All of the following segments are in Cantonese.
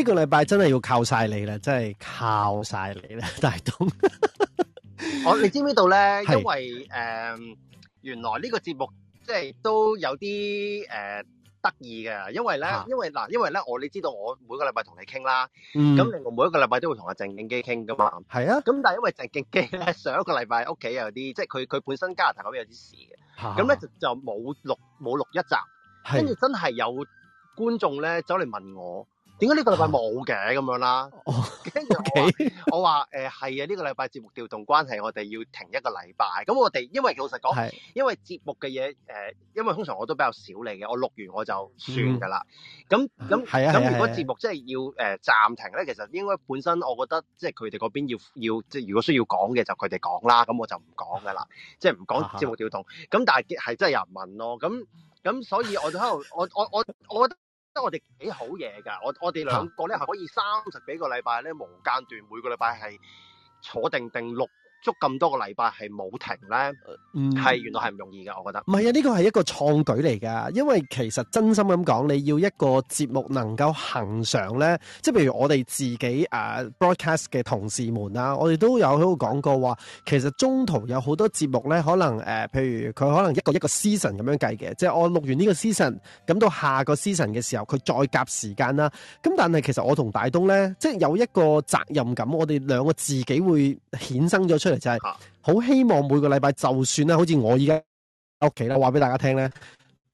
呢個禮拜真係要靠晒你啦，真係靠晒你啦，大東。我你知唔知道咧？因為誒，原來呢個節目即係都有啲誒得意嘅，因為咧，因為嗱，因為咧，我你知道我每個禮拜同你傾啦，咁另外每一個禮拜都會同阿鄭敬基傾噶嘛。係啊，咁但係因為鄭敬基咧上一個禮拜屋企有啲，即係佢佢本身加拿大嗰邊有啲事嘅，咁咧就就冇錄冇錄一集，跟住真係有觀眾咧走嚟問我。點解呢個禮拜冇嘅咁樣啦？跟住、oh, okay. 我話誒係啊，呢、呃這個呢個禮拜節目調動關係，我哋要停一個禮拜。咁我哋因為老實講，是因為節目嘅嘢，誒，因為通常我都比較少嚟嘅，我錄完我就算噶啦。咁咁咁，如果節目真係要誒、呃、暫停咧，其實應該本身我覺得，即係佢哋嗰邊要要，即係如果需要講嘅就佢哋講啦。咁我就唔講噶啦，啊、哈即係唔講節目調動。咁但係係真係有人問咯。咁咁，所以我就喺度，我我我我覺得。我哋幾好嘢噶，我我哋兩個咧係可以三十幾個禮拜咧無間斷，每個禮拜係坐定定錄。捉咁多個禮拜係冇停咧，係原來係唔容易嘅，我覺得。唔係、嗯、啊，呢個係一個創舉嚟噶，因為其實真心咁講，你要一個節目能夠恒常咧，即係譬如我哋自己誒、呃、broadcast 嘅同事們啦、啊，我哋都有講過話，其實中途有好多節目咧，可能誒、呃、譬如佢可能一個一個 season 咁樣計嘅，即係我錄完呢個 season，咁到下個 season 嘅時候，佢再夾時間啦。咁但係其實我同大東咧，即係有一個責任感，我哋兩個自己會衍生咗出。就係、是、好希望每個禮拜就算咧，好似我依家屋企咧，話俾大家聽咧，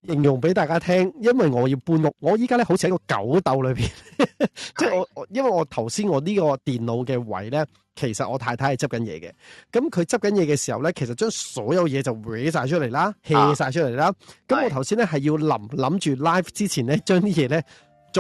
形容俾大家聽，因為我要搬屋，我依家咧好似喺個狗竇裏邊，即 係我我 因為我頭先我呢個電腦嘅位咧，其實我太太係執緊嘢嘅，咁佢執緊嘢嘅時候咧，其實將所有嘢就搲晒出嚟啦 hea 晒出嚟啦。咁 我頭先咧係要諗諗住 live 之前咧，將啲嘢咧。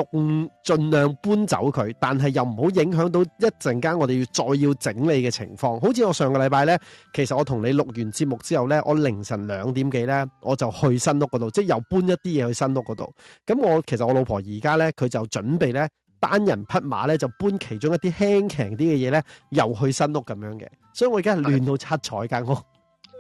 仲盡量搬走佢，但係又唔好影響到一陣間我哋要再要整理嘅情況。好似我上個禮拜呢，其實我同你錄完節目之後呢，我凌晨兩點幾呢，我就去新屋嗰度，即係又搬一啲嘢去新屋嗰度。咁我其實我老婆而家呢，佢就準備呢單人匹馬呢，就搬其中一啲輕強啲嘅嘢呢，又去新屋咁樣嘅。所以我而家係亂到七彩間屋。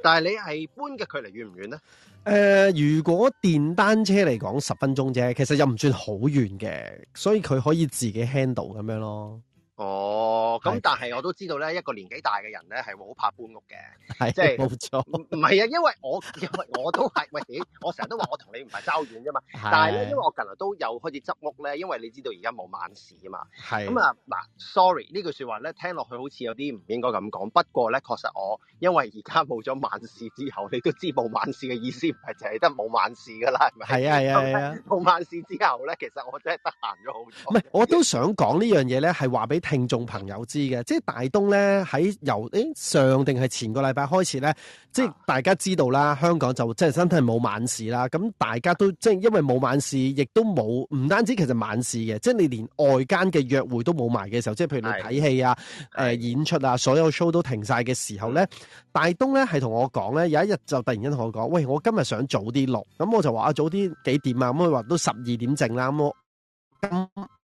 但係你係搬嘅距離遠唔遠咧？誒、呃，如果電單車嚟講十分鐘啫，其實又唔算好遠嘅，所以佢可以自己 handle 咁樣咯。哦，咁但係我都知道咧，一個年紀大嘅人咧係會好怕搬屋嘅，係即係冇錯。唔係啊，因為我因為我都係 喂，我成日都話我同你唔係爭遠啫嘛。是的 但係咧，因為我近嚟都有開始執屋咧，因為你知道而家冇晚市啊嘛。係是的，咁啊嗱，sorry 句呢句說話咧，聽落去好似有啲唔應該咁講。不過咧，確實我因為而家冇咗晚市之後，你都知冇晚市嘅意思，唔係淨係得冇晚市噶啦。係咪？係啊係啊係啊，冇晚市之後咧，其實我真係得閒咗好多。唔係，我都想講呢樣嘢咧，係話俾。聽眾朋友知嘅，即係大東呢，喺由誒上定係前個禮拜開始呢，即係大家知道啦，香港就真係身體冇晚市啦。咁大家都即係因為冇晚市，亦都冇唔單止其實晚市嘅，即係你連外間嘅約會都冇埋嘅時候，即係譬如你睇戲啊、誒、呃、演出啊，所有 show 都停晒嘅時候呢，大東呢係同我講呢，有一日就突然間同我講，喂，我今日想早啲錄，咁我就話啊，早啲幾點啊？咁佢話都十二點正啦咁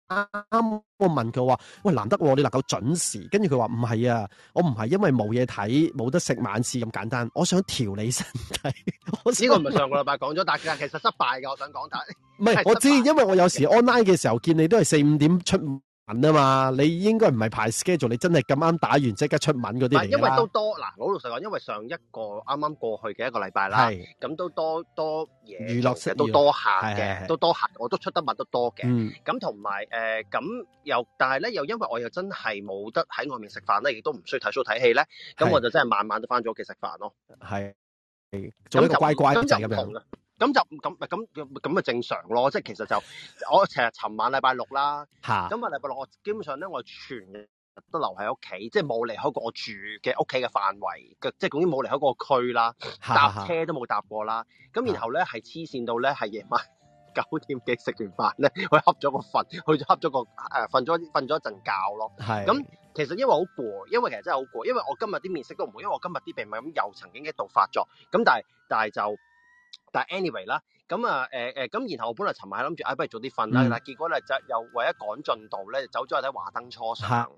啱我問佢話，喂，難得、啊、你能夠準時？跟住佢話，唔係啊，我唔係因為冇嘢睇、冇得食晚市咁簡單，我想調理身體。 知想問 個唔係上個禮拜講咗，但係其實失敗噶，我想講下。唔係我知，因為我有時 online 嘅時候見你都係四五點出。啊嘛，你應該唔係排 schedule，你真係咁啱打完即刻出文嗰啲嚟，因為都多嗱，老老實講，因為上一個啱啱過去嘅一個禮拜啦，咁是都多多嘢，娛樂食都多下嘅，是是是是都多下，我都出得文都多嘅。咁同埋誒，咁、呃、又但係咧，又因為我又真係冇得喺外面食飯咧，亦都唔需要睇 show 睇戲咧，咁我就真係晚晚都返咗屋企食飯咯。係，做一個乖乖就咁樣。咁就咁咪咁咁咪正常咯，即係其實就我成日尋晚禮拜六啦，咁啊禮拜六我基本上咧我全日都留喺屋企，即係冇離開過我住嘅屋企嘅範圍，即係總之冇離開過個區啦，搭哈車都冇搭過啦。咁哈然後咧係黐線到咧係夜晚九點幾食完飯咧佢恰咗個瞓，佢恰咗個誒瞓咗瞓咗一陣覺咯。係咁是其實因為好攰，因為其實真係好攰，因為我今日啲面色都唔好，因為我今日啲病咁又曾經一度發作，咁但係但係就。但 anyway 啦，咁、呃、啊，誒、呃、誒，咁然後我本來尋晚諗住，哎，不如早啲瞓啦，但、嗯、結果咧就又為咗趕進度咧，走咗去睇華燈初上。係哈，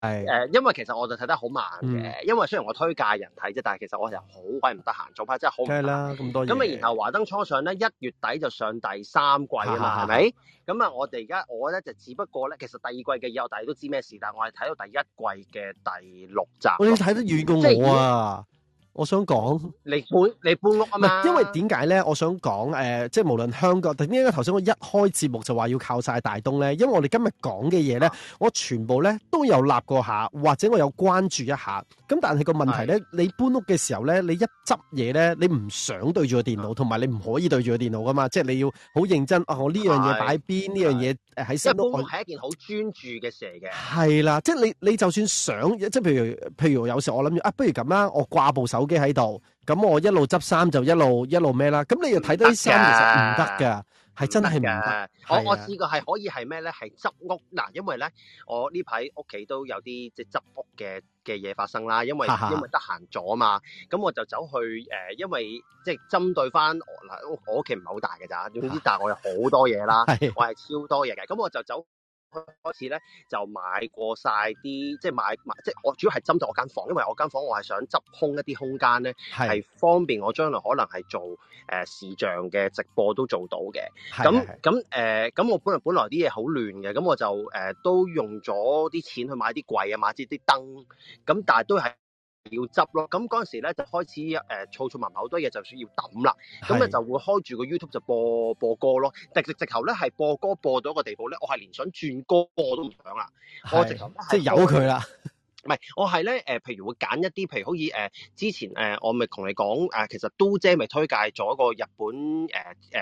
誒、呃，因為其實我就睇得好慢嘅，嗯、因為雖然我推介人睇啫，但係其實我係好鬼唔得閒，早排真係好唔得閒。咁多咁啊，然後華燈初上咧，一月底就上第三季啊嘛，係咪哈？咁啊吧、嗯，我哋而家我咧就只不過咧，其實第二季嘅以後，大家都知咩事，但係我係睇到第一季嘅第六集。哦、你睇得遠過我啊！我想講，你搬你搬屋啊嘛，因為點解咧？我想講誒、呃，即係無論香港，點解頭先我一開節目就話要靠晒大東咧？因為我哋今日講嘅嘢咧，啊、我全部咧都有立過下，或者我有關注一下。咁但係個問題咧，是你搬屋嘅時候咧，你一執嘢咧，你唔想對住個電腦，同埋、啊、你唔可以對住個電腦噶嘛？是即係你要好認真啊、哦！我呢樣嘢擺邊，呢樣嘢誒喺新屋係一件好專注嘅事嘅。係啦，即係你你就算想，即係譬如譬如有時候我諗住啊，不如咁啦，我掛部手。手機喺度，咁我一路執衫就一路一路咩啦，咁你又睇到啲衫其實唔得噶，係真係唔得。我我試過係可以係咩咧？係執屋嗱、啊，因為咧我呢排屋企都有啲即係執屋嘅嘅嘢發生啦，因為因為得閒咗嘛，咁 我就走去誒、呃，因為即係針對翻我嗱，我屋企唔係好大嘅咋，總之但係我有好多嘢啦， 我係超多嘢嘅，咁我就走。開始咧就買過晒啲，即係買買，即係我主要係針對我間房，因為我間房我係想執空一啲空間咧，係是方便我將來可能係做誒、呃、視像嘅直播都做到嘅。咁咁誒，咁、呃、我本來本來啲嘢好亂嘅，咁我就誒、呃、都用咗啲錢去買啲櫃啊，買啲啲燈，咁但係都係。要執咯，咁嗰陣時咧就開始誒，嘈嘈埋埋好多嘢，就算要抌啦，咁咧是就，就會開住個 YouTube 就播播歌咯。直直直頭咧係播歌播到一個地步咧，我係連想轉歌播都唔想啦，是我直頭即係由佢啦。 唔係，我係咧、呃、譬如會揀一啲，譬如好似、呃、之前、呃、我咪同你講、呃、其實都姐咪推介咗一個日本誒嘅、呃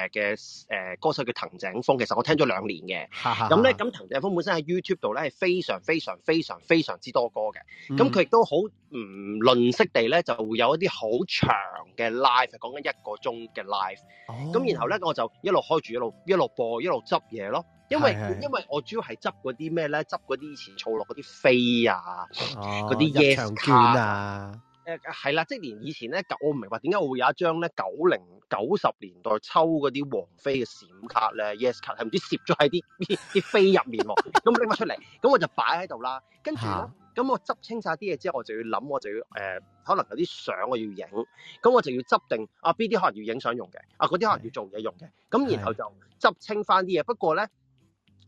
呃呃、歌手叫藤井風。其實我聽咗兩年嘅。咁咧、 嗯，咁藤井風本身喺 YouTube 度咧係非常非常非常非常之多歌嘅，咁佢亦都好唔吝惜地咧就會有一啲好長嘅 live，講緊一個鐘嘅 live。咁然後咧，我就一路開住一路一路播一路執嘢咯。因為是是因為我主要係執嗰啲咩咧，執嗰啲以前儲落嗰啲飛啊，嗰啲、哦、 yes 卡啊，誒係啦，即係連以前咧我唔明白點解我會有一張咧九零九十年代抽嗰啲王菲嘅閃卡咧，yes 卡係唔知攝咗喺啲啲飛入面咯、啊，咁拎翻出嚟，咁、嗯、我就擺喺度啦，跟住咧，咁、啊嗯、我執清晒啲嘢之後，我就要諗，我就要誒、呃，可能有啲相我要影，咁、嗯、我就要執定啊，邊啲可能要影相用嘅，啊嗰啲可能要做嘢用嘅，咁是、嗯、然後就執清翻啲嘢，是不過咧。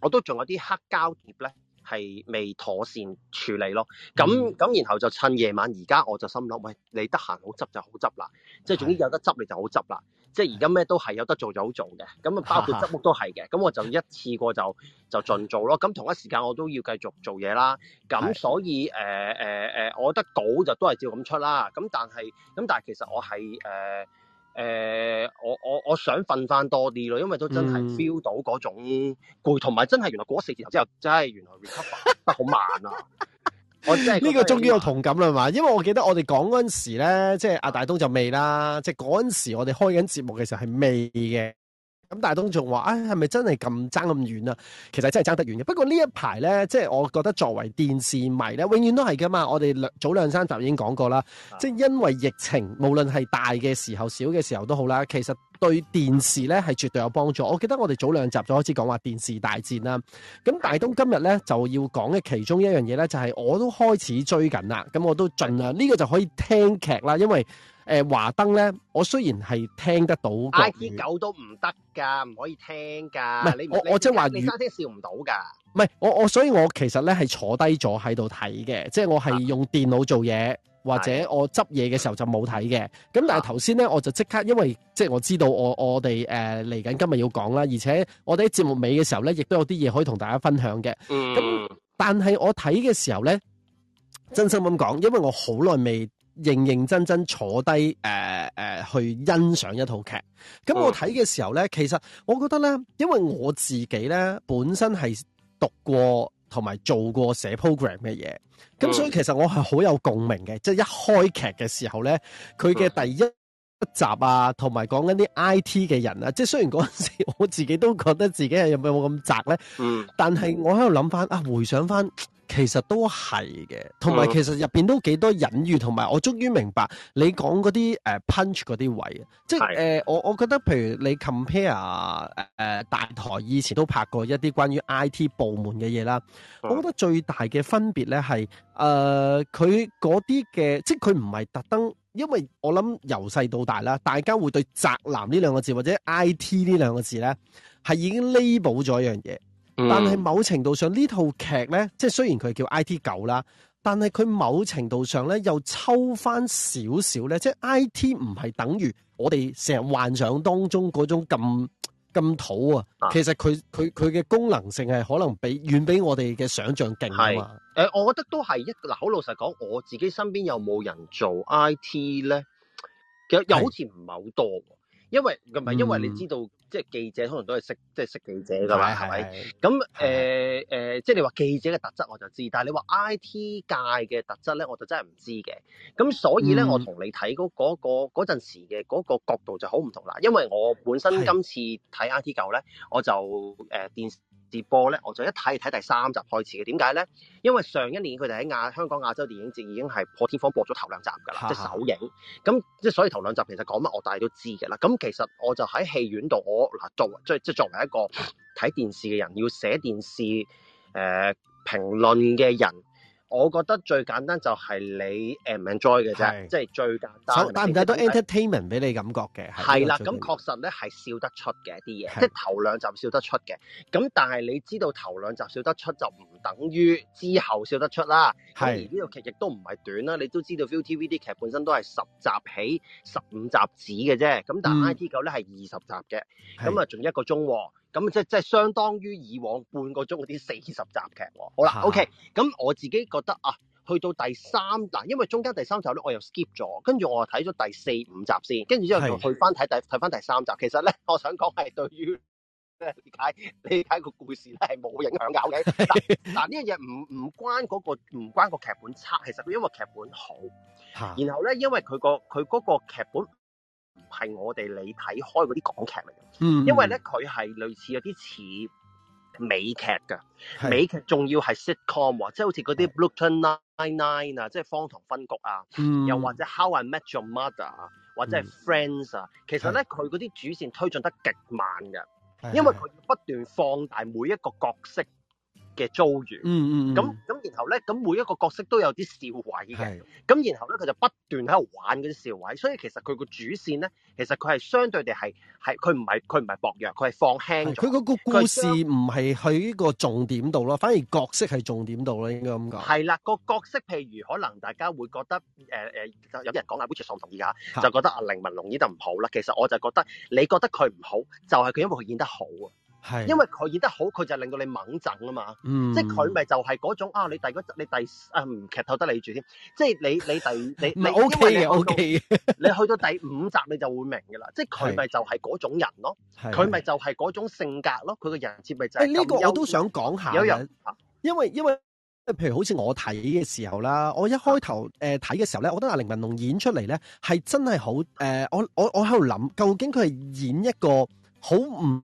我都仲有啲黑膠碟咧，係未妥善處理咯。咁咁，然後就趁夜晚，而家我就心諗，喂，你得閒好執就好執啦，即係總之有得執你就好執啦。的即係而家咩都係有得做就好做嘅，咁啊包括執屋都係嘅。咁我就一次過就就盡做咯。咁同一時間我都要繼續做嘢啦。咁所以誒誒誒，我覺得稿就都係照咁出啦。咁但係咁但係其實我係誒。呃誒、呃，我我我想瞓翻多啲咯，因為都真係 feel 到嗰種攰，同埋、嗯、真係原來過咗四字頭之後，真係原來 recover 得好慢啊！ 我真係呢個終於有同感啦嘛，因為我記得我哋講嗰陣時咧，即係阿大東就未啦，即係嗰陣時我哋開緊節目嘅時候係未嘅。咁大東仲話啊，哎，係咪真係咁爭咁遠啊？其實真係爭得遠嘅。不過呢一排呢，即係我覺得作為電視迷呢，永遠都係噶嘛。我哋兩早兩三集已經講過啦，即係因為疫情，無論係大嘅時候、小嘅時候都好啦，其實對電視呢係絕對有幫助。我記得我哋早兩集就開始講話電視大戰啦。咁大東今日呢，就要講嘅其中一樣嘢呢，就係我都開始追緊啦。咁我都盡量呢個就可以聽劇啦，因為。誒、呃、華燈咧，我雖然係聽得到個 IT 狗都唔得㗎，唔可以聽㗎。唔係不你不我你不我即係話，你生聽笑唔到㗎。唔係我我，所以我其實咧係坐低咗喺度睇嘅，即係我係用電腦做嘢，或者我執嘢嘅時候就冇睇嘅。咁的但係頭先咧，我就即刻，因為即係我知道我我哋誒嚟緊今日要講啦，而且我哋喺節目尾嘅時候咧，亦都有啲嘢可以同大家分享嘅。咁、嗯、但係我睇嘅時候咧，真心咁講，因為我好耐未。認認真真坐低誒、呃呃、去欣賞一套劇，咁我睇嘅時候咧，嗯、其實我覺得咧，因為我自己咧本身係讀過同埋做過寫 program 嘅嘢，咁所以其實我係好有共鳴嘅。嗯、即係一開劇嘅時候咧，佢嘅第一集啊，同埋講緊啲 IT 嘅人啊，即係雖然嗰陣時我自己都覺得自己係有冇咁宅咧，嗯，但係我喺度諗翻啊，回想翻。其實都係嘅，同埋其實入邊都幾多隱喻，同埋我終於明白你講嗰啲誒 punch 嗰啲位，即係誒的、呃、我我覺得譬如你 compare 誒、呃、大台以前都拍過一啲關於 IT 部門嘅嘢啦，的我覺得最大嘅分別咧係誒佢嗰啲嘅，即係佢唔係特登，因為我諗由細到大啦，大家會對宅男呢兩個字或者 IT 呢兩個字咧係已經 label 咗一樣嘢。但係某，某程度上呢套劇呢，即係雖然佢叫 IT 狗啦，但係佢某程度上呢又抽翻少少呢，即係 I T 唔係等於我哋成日幻想當中嗰種咁咁土啊。其實佢佢佢嘅功能性係可能比遠比我哋嘅想象勁啊嘛。我覺得都係一嗱，好老實講，我自己身邊有冇人做 I T 呢？其實又好似唔係好多，是因為唔係、嗯、因為你知道。即係記者，可能都係識，即、就、係、是、識記者㗎嘛，係咪是？咁誒誒，即係你話記者嘅特質我就知，但係你話 I T 界嘅特質咧，我就真係唔知嘅。咁所以咧，嗯、我同你睇嗰嗰個陣時嘅嗰個角度就好唔同啦。因為我本身今次睇 I T 狗咧，我就誒、呃、電。直播咧，我就一睇睇第三集開始嘅。點解咧？因為上一年佢哋喺亞香港亞洲電影節已經係破天荒播咗頭兩集㗎啦，啊、即係首映。咁即係所以頭兩集其實講乜，我大都知㗎啦。咁其實我就喺戲院度，我嗱作為即係即係作為一個睇電視嘅人，要寫電視誒、呃、評論嘅人。我覺得最簡單就係你唔 enjoy 嘅啫，是即係最簡單，但唔帶多 entertainment 俾你感覺嘅。係啦的，咁確實咧係笑得出嘅一啲嘢，即係頭兩集笑得出嘅。咁是但係你知道頭兩集笑得出就唔等於之後笑得出啦。係是而呢套劇亦都唔係短啦。你都知道 ViuTV 啲劇本身都係十集起十五集止嘅啫。咁、嗯、但係 IT 狗咧係二十集嘅，咁啊仲一個鐘喎。咁即係即係相當於以往半個鐘嗰啲四十集劇喎、啊。好啦、啊，OK。咁我自己覺得啊，去到第三嗱，因為中間第三集咧，我又 skip 咗，跟住我睇咗第四五集先，跟住之後去翻睇第睇翻第三集。其實咧，我想講係對於理解理解個故事咧係冇影響嘅。嗱，呢樣嘢唔唔關嗰個唔關個劇本差，其實佢因為劇本好，啊、然後咧因為佢個佢嗰個劇本。係我哋你睇開嗰啲港劇嚟嘅，嗯，因為咧佢係類似有啲似美劇嘅，是美劇仲要係 sitcom，或者好似嗰啲《Brooklyn Nine Nine 啊》啊，即係荒唐分局啊，又或者《How I Met Your Mother》啊，或者係《Friends》啊，嗯，其實咧佢嗰啲主線推進得極慢嘅，因為佢不斷放大每一個角色。嘅遭遇，嗯嗯，咁咁然後咧，咁每一個角色都有啲笑位嘅，咁然後咧佢就不斷喺度玩嗰啲笑位，所以其實佢個主線咧，其實佢係相對地係係佢唔係佢唔係薄弱，佢係放輕咗。佢嗰個故事唔係喺個重點度咯，反而角色係重點度啦，應該咁講。係啦，個角色譬如可能大家會覺得誒誒就有啲人講阿胡卓爽唔同意嚇，就覺得阿凌文龍演得唔好啦。其實我就覺得你覺得佢唔好，就係佢因為佢演得好啊。係，是因為佢演得好，佢就令到你猛憎啊嘛。嗯，即係佢咪就係嗰種啊。你第嗰集，你第啊，唔劇透得你住添。即係你，你第你 你，O K 嘅 O K 你去到第五集，你就會明噶啦。即係佢咪就係嗰種人咯，佢咪是就係嗰種性格咯。佢個是人設咪就係。呢個我都想講下嘅、啊，因為因為，譬如好似我睇嘅時候啦，我一開頭誒睇嘅時候咧，我覺得阿凌文龍演出嚟咧係真係好誒、呃，我我我喺度諗，究竟佢係演一個好唔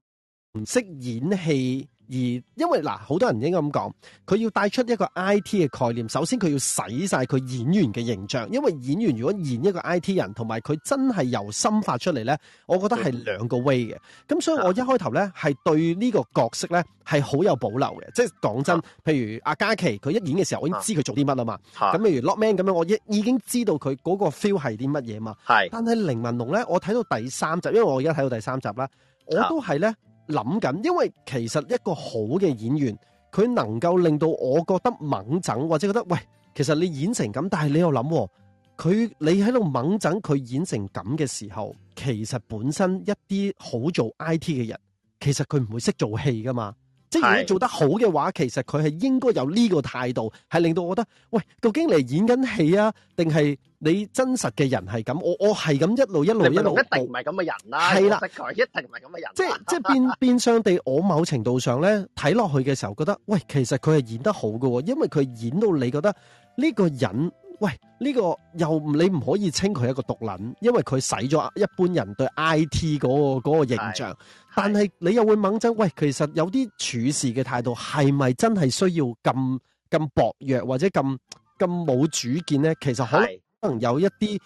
唔識演戲，而因為嗱，好多人應該咁講，佢要帶出一個 IT 嘅概念。首先，佢要洗晒佢演員嘅形象，因為演員如果演一個 IT 人，同埋佢真係由心發出嚟呢，我覺得係兩個 way 嘅。咁所以我一開頭呢，係的對呢個角色呢係好有保留嘅。即係講真，譬如阿嘉琪佢一演嘅時候，我已經知佢做啲乜啊嘛。咁，譬如 Lokman 咁樣，我已經知道佢嗰個 feel 係啲乜嘢嘛。但係凌文龍呢，我睇到第三集，因為我而家睇到第三集啦，的我都係呢。諗緊，因為其實一個好嘅演員，佢能夠令到我覺得猛整，或者覺得喂，其實你演成咁，但係你又諗，佢你喺度猛整佢演成咁嘅時候，其實本身一啲好做 IT 嘅人，其實佢唔會識做戲噶嘛。如果做得好嘅話，其實佢係應該有呢個態度，係令到我覺得，喂，究竟你演緊戲啊，定係你真實嘅人係咁？我我係咁一路一路一路。你明明一定唔係咁嘅人啦、啊，對了，識佢一定唔係咁嘅人、啊。即即係變變相地，我某程度上咧睇落去嘅時候，覺得喂，其實佢係演得好嘅，因為佢演到你覺得呢個人，喂呢個又你唔可以稱佢係一個毒撚，因為佢洗咗一般人對 IT 嗰個嗰個形象。但係你又會猛憎，喂，其實有啲處事嘅態度係咪真係需要咁咁薄弱或者咁咁冇主見咧？其實好可能有一啲，是的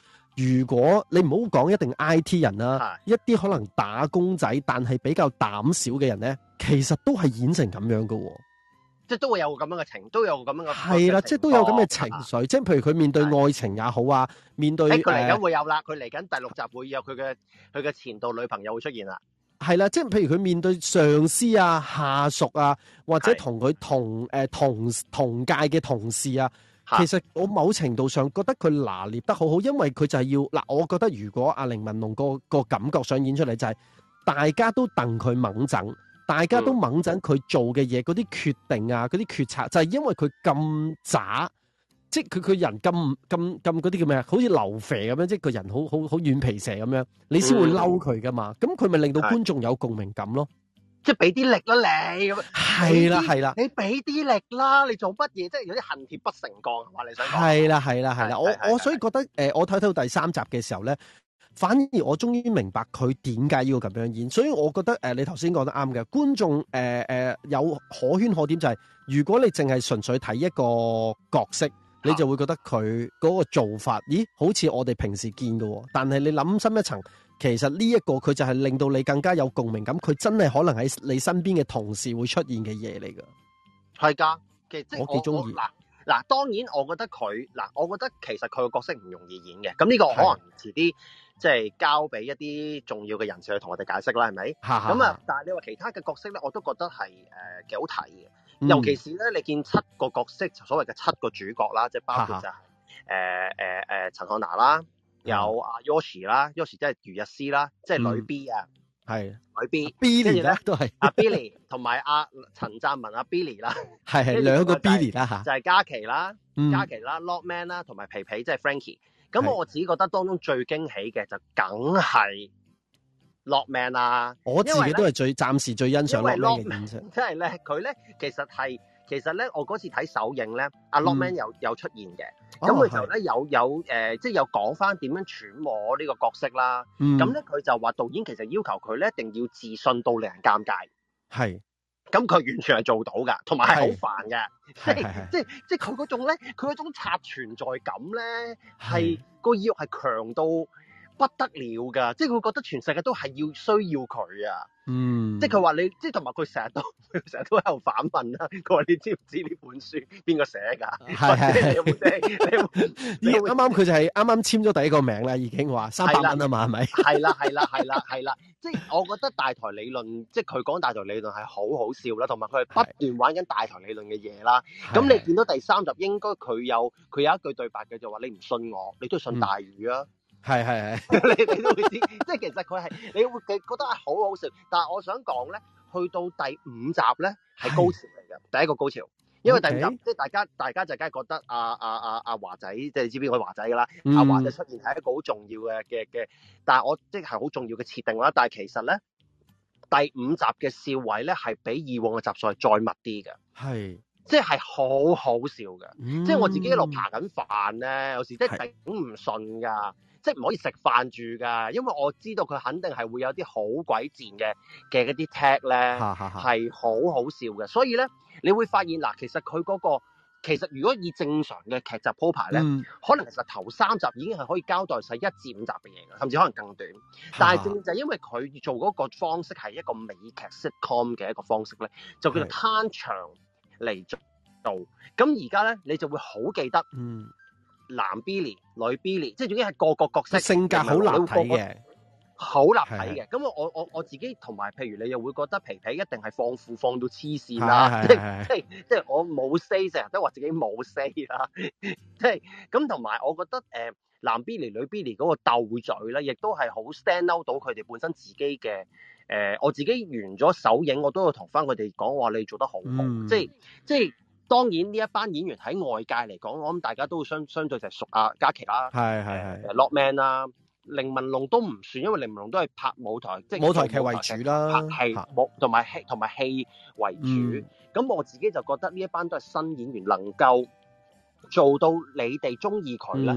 如果你唔好講一定 IT 人啦、啊，是的 一啲可能打工仔，但係比較膽小嘅人咧，其實都係演成咁樣噶、啊，即係都會有咁樣嘅情，都有咁樣嘅係啦，即係都有咁嘅情緒，即係、啊、譬如佢面對愛情也好啊，面對佢嚟緊會有啦，佢嚟緊第六集會有佢嘅佢嘅前度女朋友會出現啦。係啦，即係譬如佢面對上司啊、下屬啊，或者他同佢同誒同同屆嘅同事啊，的其實我某程度上覺得佢拿捏得好好，因為佢就係要嗱，我覺得如果阿凌文龍個個感覺上演出嚟就係、是，大家都戥佢猛整，大家都猛整佢做嘅嘢，嗰啲、嗯、決定啊，嗰啲決策就係、是、因為佢咁渣。即係佢佢人咁咁咁嗰啲叫咩啊？好似流肥咁樣，即係個人好好好軟皮蛇咁樣，你先會嬲佢噶嘛？咁佢咪令到觀眾有共鳴感咯？即係俾啲力啦，你係啦係啦，你俾啲力啦，你做乜嘢？即係有啲恨鐵不成鋼，話你想係啦係啦係啦，我我所以覺得誒，我睇到第三集嘅時候咧，反而我終於明白佢點解要咁樣演。所以我覺得誒，你頭先講得啱嘅觀眾誒誒，有可圈可點就係，如果你淨係純粹睇一個角色。你就會覺得佢嗰個做法，咦？好似我哋平時見嘅，但係你諗深一層，其實呢一個佢就係令到你更加有共鳴感，佢真係可能喺你身邊嘅同事會出現嘅嘢嚟噶。係噶，其實我幾中意。嗱嗱，當然我覺得佢嗱，我覺得其實佢個角色唔容易演嘅。咁呢個可能遲啲即係交俾一啲重要嘅人士去同我哋解釋啦，係咪？咁啊的，但係你話其他嘅角色咧，我都覺得係誒幾好睇嘅。嗯、尤其是咧，你見七個角色，所謂嘅七個主角啦，即係包括就係誒誒誒陳漢娜啦，嗯、有阿、啊、Yoshi 啦，Yoshi 即係余一詩啦，即、就、係、是、女 B 啊，係、嗯、女 B，B 咧、啊啊、都係阿、啊、Billy 同埋阿陳湛文阿、啊、Billy 啦，係係、就是、兩個 Billy 啦吓，就係嘉琪啦，嘉、啊嗯、琪啦 Lockman 啦，同埋皮皮即係、就是、Frankie，咁我自己覺得當中最驚喜嘅就梗係 Lokman 啊，我自己都係最暫時最欣賞 Lokman 嘅影星。即係咧，佢咧其實係其實咧，我嗰次睇首映咧，阿 Lokman 有有出現嘅，咁佢就咧有有誒，即係有講返點樣揣摩呢個角色啦。咁咧佢就話導演其實要求佢咧一定要自信到令人尷尬。係，咁佢完全係做到㗎，同埋係好煩嘅，即係即係佢嗰種咧，佢嗰種刷存在感咧，係個意欲係強到。不得了噶，即係佢覺得全世界都係要需要佢啊！嗯，即係佢話你，即係同埋佢成日都，成日都喺度反問啦。佢話你知唔知呢本書邊個寫噶？係係係，啱啱佢就係啱啱簽咗第一個名啦，已經話三百蚊啊嘛，係咪？係啦係啦係啦係啦，即係我覺得大台理論，即係佢講大台理論係好好笑啦，同埋佢不斷玩緊大台理論嘅嘢啦。咁你見到第三集應該佢有佢有一句對白嘅就話你唔信我，你都信大宇啊？係係係，你你都會知，即係其實佢係你會嘅覺得係好好笑，但係我想講咧，去到第五集咧係高潮嚟嘅。第一個高潮，因為第五集即係 Okay? 大家大家就梗係覺得阿阿阿阿華仔，即係你知邊個華仔噶啦，阿、啊、華仔出現係一個好重要嘅嘅嘅，但係我即係好重要嘅設定啦，但係其實咧第五集嘅笑位咧係比以往嘅集數係再密啲嘅，係是，即係係好好笑嘅，嗯、即係我自己一路爬緊飯咧，有時即係頂唔順噶。即係唔可以食飯住㗎，因為我知道佢肯定係會有啲好鬼賤嘅嘅嗰啲 tag 咧，係好 好笑嘅。所以咧，你會發現嗱，其實佢嗰、嗰個其實如果以正常嘅劇集鋪排咧，嗯、可能其實頭三集已經係可以交代晒一至五集嘅嘢㗎，甚至可能更短。 但係正就係因為佢做嗰個方式係一個美劇 sitcom 嘅一個方式咧，就叫做攤長嚟做。咁而家咧，你就會好記得。嗯男 Billy、女 Billy，即係總之係個個角色性格好難睇嘅，好立體嘅。咁是的 我我我自己同埋，譬如你又會覺得皮皮一定係放負放到黐線啦，即係即係我冇 say 成日都話自己冇 say 啦， 即係咁同埋我覺得誒、呃、男 Billy、女 Billy 嗰個鬥嘴咧，亦都係好 stand out 到佢哋本身自己嘅誒、呃，我自己完咗首映，我都有同翻佢哋講話你做得好好，嗯、即係即係。當然呢一班演員喺外界嚟講，我諗大家都相相對就係熟阿嘉琪啦，係係係 Lokman 啊，凌文龍都唔算，因為凌文龍都係拍舞台即舞台劇為主啦，拍戲、同埋戲同埋戲為主。咁我自己就覺得呢一班都係新演員能夠做到你哋中意佢咧，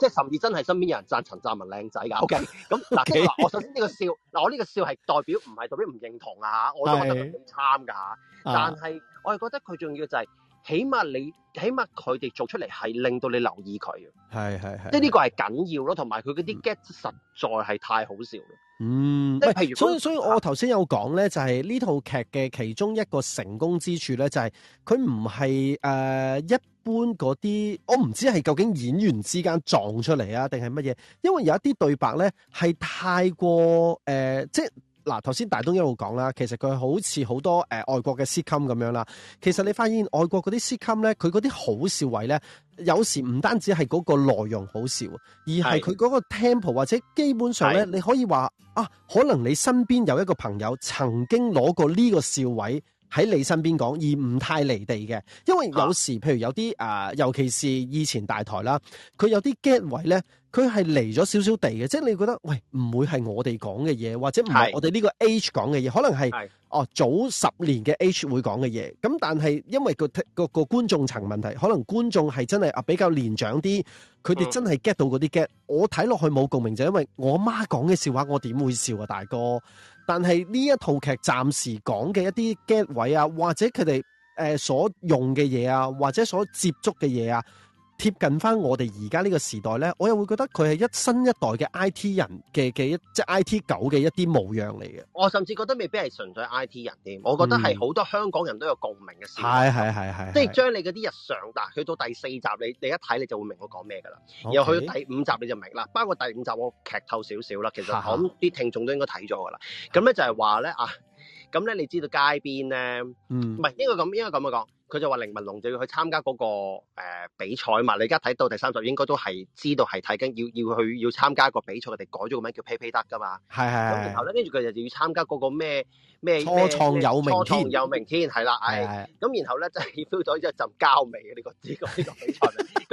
即係甚至真係身邊有人贊陳湛文靚仔㗎。OK，咁嗱，即係我首先呢個笑嗱，我呢個笑係代表唔係代表唔認同啊嚇，我都覺得佢哋參㗎，但係。我係覺得佢仲要就係，起碼你起碼佢哋做出嚟係令到你留意佢，係係係，即係呢個係緊要咯。同埋佢嗰啲 get、嗯、實在係太好笑。嗯，即係譬如，如，所以所以我頭先有講咧，就係呢套劇嘅其中一個成功之處咧，就係佢唔係誒一般嗰啲，我唔知係究竟演員之間撞出嚟啊，定係乜嘢？因為有一啲對白咧係太過誒、呃，即係。嗱，頭先大東一路講啦，其實佢好似好多、呃、外國嘅 sitcom 咁樣啦。其實你發現外國嗰啲 sitcom 咧，佢嗰啲好笑位咧，有時唔單止係嗰個內容好笑，而係佢嗰個 tempo 或者基本上咧，你可以話啊，可能你身邊有一個朋友曾經攞過呢個笑位。喺你身邊講，而唔太離地嘅，因為有時譬如有啲啊、呃，尤其是以前大台啦，佢有啲 get 位咧，佢係離咗少少地嘅，即係你覺得喂，唔會係我哋講嘅嘢，或者唔係我哋呢個 age 講嘅嘢，可能係是的 哦早十年嘅 age 會講嘅嘢。咁但係因為個個個觀眾層問題，可能觀眾係真係啊比較年長啲，佢哋真係 get 到嗰啲 get，嗯、我睇落去冇共鳴，就因為我媽講嘅笑話，我點會笑啊，大哥？但係呢一套劇暫時講嘅一啲 get 位啊，或者佢哋誒所用嘅嘢啊，或者所接觸嘅嘢啊，貼近翻我哋而家呢個時代呢，我又會覺得佢係一新一代嘅 I T 人嘅嘅一隻 I T 狗嘅一啲模樣嚟嘅。我甚至覺得未必係純粹 I T 人添，嗯、我覺得係好多香港人都有共鳴嘅事。係係係係，即係將你嗰啲日常，但去到第四集你你一睇你就會明我講咩㗎啦。Okay? 然後去到第五集你就明啦，包括第五集我劇透少少啦。其實我諗啲聽眾都應該睇咗㗎啦。咁呢、啊、就係話呢。啊。咁咧，你知道街邊咧，唔係、嗯、應該咁，應該咁啊講，佢就話凌文龍就要去參加嗰、那個誒、呃、比賽嘛。你而家睇到第三集應該都係知道係睇緊，要要去要參加個比賽佢哋改咗個名叫 PayPay 得㗎嘛。係係咁然後咧，跟住佢就就要參加嗰個咩咩？初創有明天。初創有明天係啦，咁然後咧就係 feel 到一陣膠味啊！呢個呢個呢個比賽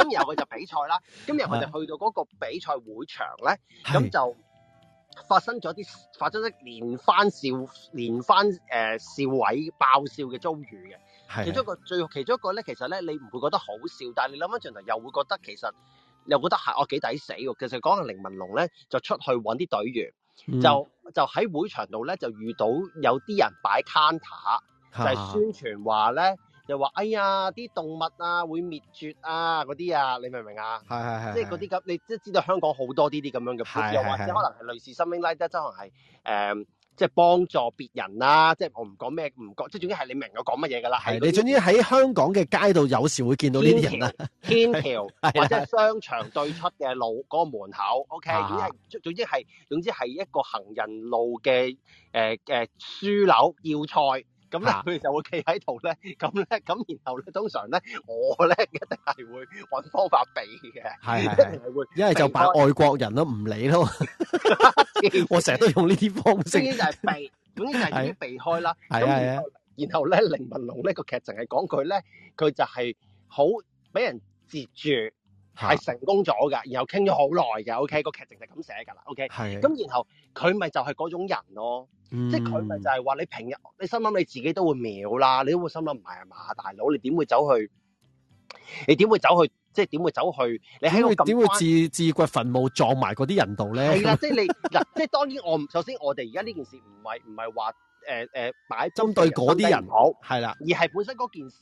咁 然後佢就比賽啦，咁然後佢就去到嗰個比賽會場咧，咁的就。發生咗啲發生啲連番笑連番誒、呃、笑偉爆笑嘅遭遇嘅是的，其中一個最其中一個咧，其實咧你唔會覺得好笑，但係你諗翻轉頭又會覺得其實又覺得係、啊、哦幾抵死的。其實講緊凌文龍咧，就出去揾啲隊員，嗯、就就喺會場度咧就遇到有啲人擺 c o 就係、是、宣傳話咧。啊啊就話：哎呀，啲動物啊會滅絕啊嗰啲啊，你明唔明啊？係係係即係嗰啲咁，你即係知道香港好多啲啲咁樣嘅。係又或者可能係類似 something like that 即係可能、嗯、即係幫助別人啦。即係我唔講咩，唔講，即係總之係你明我講乜嘢㗎啦。的你總之喺香港嘅街道，有時會見到呢啲人啦、啊。天橋 或者商場對出嘅路嗰、嗰個門口，OK，的總之係總之係一個行人路嘅誒誒樞紐要塞。咁咧佢哋就會企喺度咧，咁咧咁然後咧通常咧我咧一定係會揾方法避嘅，一定係會一係就扮外國人咯，唔理咯。我成日都用呢啲方式，總之就係避，總之就係已經避開啦。係係啊，然後咧《林文龍》呢個劇淨係講佢咧，佢就係好俾人截住。係成功咗嘅，然後傾咗好耐嘅，OK，個劇情就咁寫噶啦，OK。係。咁然後佢咪就係嗰種人咯，即係佢咪就係話你平日你心諗你自己都會秒啦，你都會心諗唔係啊嘛，大佬你點會走去？你點會走去？即係點會走去？你喺度點會自自掘墳墓撞埋嗰啲人度咧？係 啦，即係你嗱，即係當然我首先我哋而家呢件事唔係唔係話誒誒擺針對嗰啲人好，係啦的，而係本身嗰件事。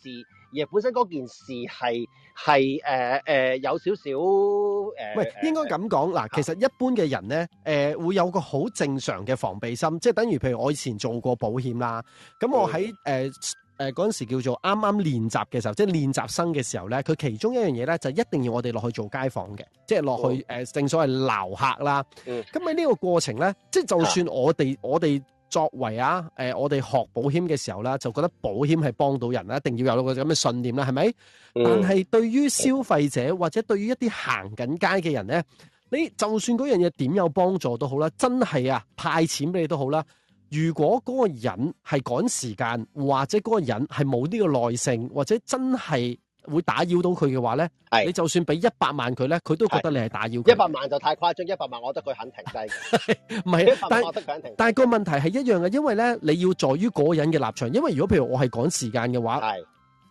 而本身嗰件事係係誒誒有少少誒，唔、呃、係應該咁講嗱。啊、其實一般嘅人咧，誒、呃、會有個好正常嘅防備心，即係等於譬如我以前做過保險啦。咁我喺誒誒嗰陣時叫做啱啱練習嘅時候，即係練習生嘅時候咧，佢其中一樣嘢咧，就一定要我哋落去做街訪嘅，即係落去誒、嗯呃、正所謂撈客啦。咁喺呢個過程咧，即係就算我哋、啊、我哋。作為啊、呃，我哋學保險嘅時候啦，就覺得保險係幫到人啦，一定要有個咁嘅信念啦，係咪？嗯、但係對於消費者或者對於一啲行緊街嘅人咧，你就算嗰樣嘢點有幫助都好啦，真係啊派錢畀你都好啦。如果嗰個人係趕時間，或者嗰個人係冇呢個耐性，或者真係。會打擾到佢嘅話咧，是你就算俾一百萬佢咧，佢都覺得你係打擾佢。一百萬就太誇張，一百萬我覺得佢肯停低。唔 係是，但係個問題係一樣嘅，因為咧你要在於嗰人嘅立場，因為如果譬如我係趕時間嘅話。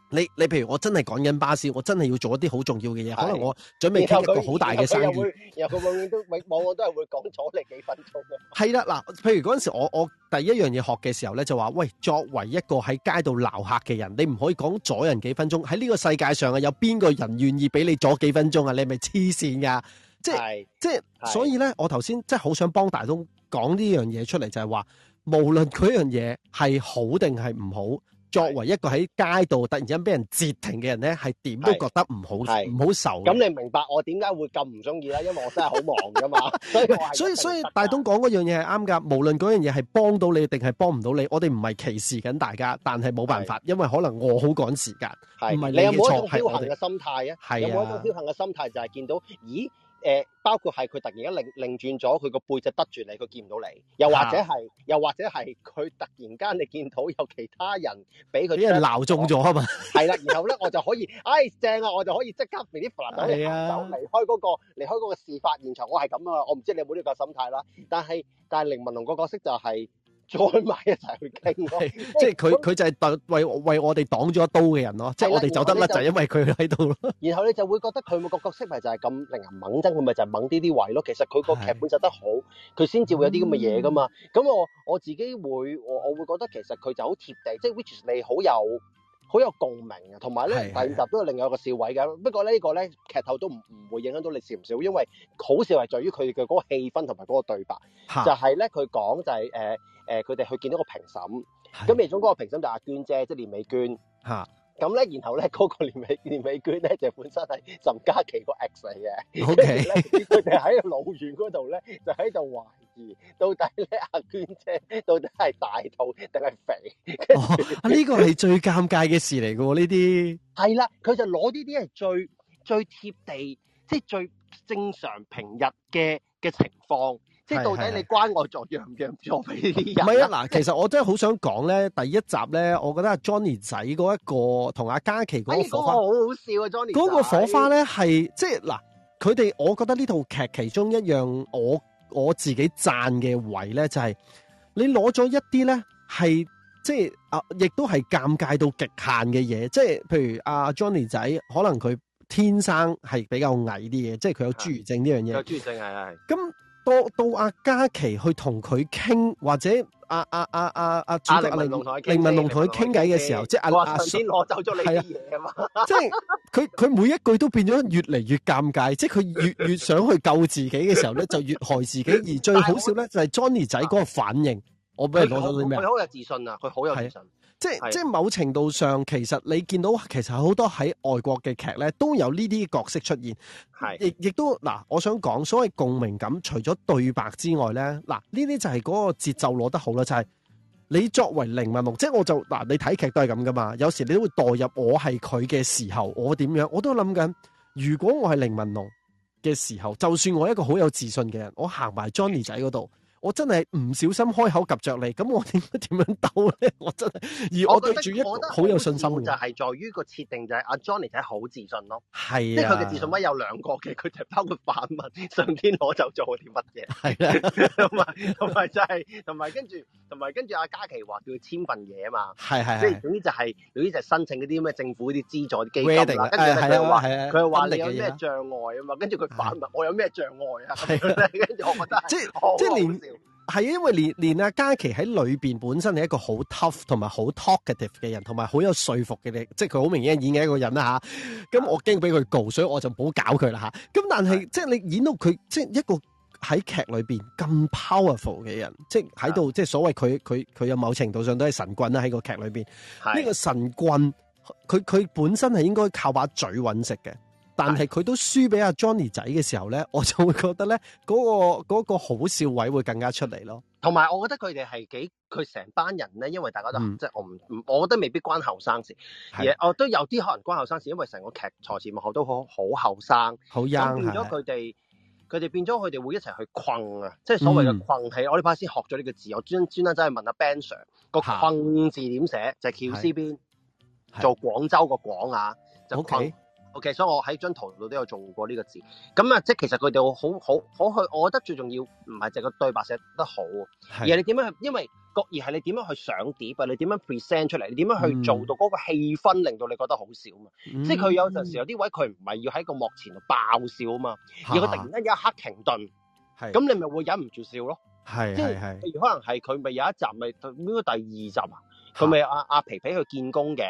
你你譬如我真係趕緊巴士，我真係要做一啲好重要嘅嘢，是可能我準備傾一個好大嘅生意，又永遠都永往往都係會講阻你幾分鐘。係啦，嗱，譬如嗰陣時我我第一樣嘢學嘅時候咧，就話喂，作為一個喺街度鬧客嘅人，你唔可以講阻人幾分鐘。喺呢個世界上啊，有邊個人願意俾你阻幾分鐘啊？你係咪黐線噶，即係是即係，是所以咧，我頭先即係好想幫大東講呢樣嘢出嚟，就係話，無論佢樣嘢係好定係唔好。作為一個喺街度突然之間俾人截停嘅人咧，係點都覺得唔好，唔好受。咁你明白我點解會咁唔中意咧？因為我真係好忙噶嘛。所以所以大東講嗰樣嘢係啱噶，無論嗰樣嘢係幫到你定係幫唔到你，我哋唔係歧視緊大家，但係冇辦法，因為可能我好趕時間，唔係你嘅錯。係我哋。有冇一種僥倖嘅心態啊？有冇一種僥倖嘅心態就係見到，咦？誒，包括係佢突然間擰擰轉咗，佢個背脊得住你，佢見唔到你；又或者係，又或者係佢突然間你見到有其他人俾佢鬧中咗啊嘛，係啦，然後咧我就可以，哎正啊，我就可以即刻搣啲粉你啊，走離開嗰個離開嗰個事發現場，我係咁啊，我唔知你有冇呢個心態啦，但係但係凌文龍個角色就係。再埋一齊去傾咯，即係佢佢就係代為為我哋擋咗一刀嘅人咯、啊，是的即係我哋走得甩就係因為佢喺度咯。然後你就會覺得佢個角色咪就係咁令人猛憎，佢咪就係猛啲啲位咯。其實佢個劇本就得好，佢先至會有啲咁嘅嘢噶嘛。咁我我自己會我我會覺得其實佢就好貼地，即係 which 你好有好有共鳴啊，同埋咧第二集都有另外一個笑位嘅，不過這個呢個咧劇透都唔唔會影響到你笑唔笑，因為好笑係在於佢嘅嗰個氣氛同埋嗰個對白，是的就係咧佢講就係、是、誒。呃誒佢哋去見到個評審，咁的其中嗰個評審就阿娟姐，即係連美娟嚇。咁咧哈，然後咧，嗰個連美連美娟咧就本身係岑家琪個 ex 嘅。佢哋喺老院嗰度咧，就喺度懷疑到底咧 阿娟姐到底係大肚定係肥。呢個係最尷尬嘅事嚟嘅喎，呢啲。係啦，佢就攞呢啲係最最貼地，即係最正常平日嘅嘅情況。即係到底你關我座讓唔讓座俾啲人？唔係啊，嗱，其實我真係好想講咧，第一集咧，我覺得阿 Johnny 仔嗰一個同阿嘉琪嗰個火花好、嗰個、好笑啊！Johnny 仔嗰個火花咧係即係嗱，佢哋我覺得呢套劇其中一樣我我自己讚嘅位咧就係你攞咗一啲咧係即係啊，亦、呃、都係尷尬到極限嘅嘢，即係譬如阿、啊、Johnny 仔可能佢天生係比較矮啲嘅，即係佢有侏儒症呢樣嘢。有侏儒症係係咁。到到阿嘉琪去同佢傾，或者阿阿阿阿阿朱玲凌文龍同佢傾偈嘅時候，即係阿阿，係啊，即係佢佢每一句都變咗越嚟越尷尬，即係佢越越想去救自己嘅時候咧，就越害自己，而最好笑咧就係 Johnny 仔嗰個反應，我俾你攞咗啲咩？佢好有自信啊，佢好有自信。即係即某程度上，其實你見到其實好多喺外國嘅劇呢都有呢啲角色出現。係。亦，亦都嗱，我想講，所謂共鳴感除咗對白之外呢嗱呢啲就係嗰個節奏攞得好啦。就係、是、你作為靈魂龍，即係我就嗱，你睇劇都係咁噶嘛。有時你都會代入我係佢嘅時候，我點樣？我都諗緊，如果我係靈魂龍嘅時候，就算我係一個好有自信嘅人，我行埋 Johnny 仔嗰度。我真係唔小心開口夾着你，咁我點點樣兜咧？我真係，而我對住一個好有信心嘅。覺得覺得就係在於個設定就係阿 Johnny 仔好自信咯。係是啊，即係佢嘅自信乜有兩個嘅，佢就包括反問上天攞走咗我啲乜嘢，係啦是、啊 就是，同埋同埋真係，同埋跟住同埋跟住阿嘉琪話叫佢簽份嘢啊嘛。係係，即係總之就係總之就係申請嗰啲咩政府啲資助基金啦。係啊啊，佢係話你有咩障礙啊嘛？的跟住佢反問我有咩障礙啊？係的跟住我覺得即係即係連。係啊，係因為連連阿嘉琪喺裏邊本身係一個好 tough 同埋好 talkative 嘅人，同埋好有說服嘅你即係佢好明顯演嘅一個人啦吓。咁的、嗯、我驚俾佢告，所以我就唔好搞佢啦吓。咁、嗯、但係的即係你演到佢，即係一個喺劇裏邊咁 powerful 嘅人，的即係喺度，即係所謂佢佢佢有某程度上都係神棍啦喺個劇裏邊。呢的個神棍，佢佢本身係應該靠把嘴搵食嘅。但係佢都輸俾阿 Johnny 仔嘅時候咧，我就會覺得咧、嗰、嗰、個嗰個好笑位會更加出嚟咯。同埋我覺得佢哋係幾佢成班人咧，因為大家都，嗯、即係我唔唔，我覺得未必關後生事嘢，是 我都有啲可能關後生事，因為成個劇財前幕後都好好後生。好 young 係。咁變咗佢哋，佢哋是的 變咗佢哋會一齊去困啊！即係所謂嘅困係，嗯、我呢排先學咗呢個字，我專專登真係問阿 Ben Sir 個困字點寫，是的 就橋絲邊做廣州個廣啊，是的 就困。是的 嗯 OK，所以我喺張圖度都有做過呢個字。咁啊，即係其實佢哋好好好去，我覺得最重要唔係淨係個對白寫得好，是而係你點樣去，因為而係你點樣去上碟啊，你點樣 present 出嚟，你點樣去做到嗰個氣氛，令到你覺得好笑啊嘛。嗯、即係佢有陣時有啲位，佢唔係要喺個幕前度爆笑啊嘛，啊而佢突然間有一刻停頓，咁是你咪會忍唔住笑咯。即係，譬如可能係佢咪有一集咪，應該第二集。啊。佢咪阿阿皮皮去見工嘅，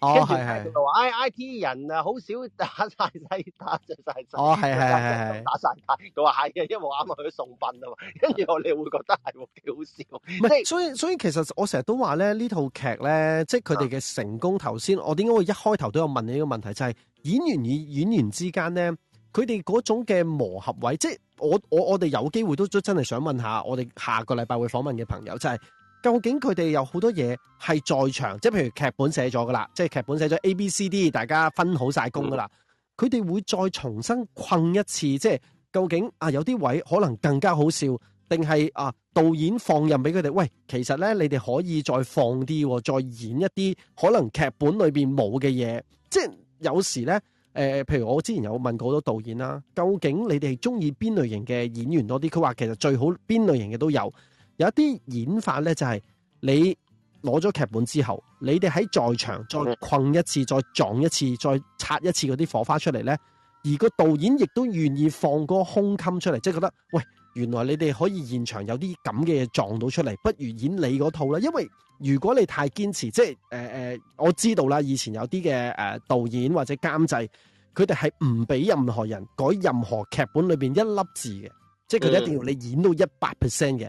跟住佢話 I I T 人啊，好少打晒晒、哦、打晒晒，哦係係係係打晒晒，佢話係嘅，因為啱啱去送殯啊嘛，跟住我哋會覺得係冇幾好笑、啊所。所以所以其實我成日都話咧，劇呢套劇咧，即係佢哋嘅成功。頭先我點解我一開頭都有問你呢個問題，就係、是、演員與演員之間咧，佢哋嗰種嘅磨合位，即係我我我哋有機會都都真係想問下我哋下個禮拜會訪問嘅朋友，就係、是。究竟佢哋有好多嘢係在場，即係譬如劇本寫咗噶啦，即係劇本寫咗 A、B、C、D，大家分好晒工噶啦。佢哋會再重新困一次，即係究竟啊，有啲位可能更加好笑，定係啊，導演放任俾佢哋喂，其實咧你哋可以再放啲，再演一啲可能劇本裏邊冇嘅嘢。即係有時咧，誒、呃，譬如我之前有問過好多導演啦，究竟你哋係中意邊類型嘅演員多啲？佢話其實最好邊類型嘅都有。有一啲演法咧，就係、是、你攞咗劇本之後，你哋喺在，在場再困一次、再撞一次、再擦一次嗰啲火花出嚟咧。而個導演亦都願意放個胸襟出嚟，即係覺得喂，原來你哋可以現場有啲咁嘅嘢撞到出嚟，不如演你嗰套啦。因為如果你太堅持，即係、呃、我知道啦，以前有啲嘅誒導演或者監製，佢哋係唔俾任何人改任何劇本裏面一粒字嘅，即係佢哋一定要你演到一百 percent 嘅。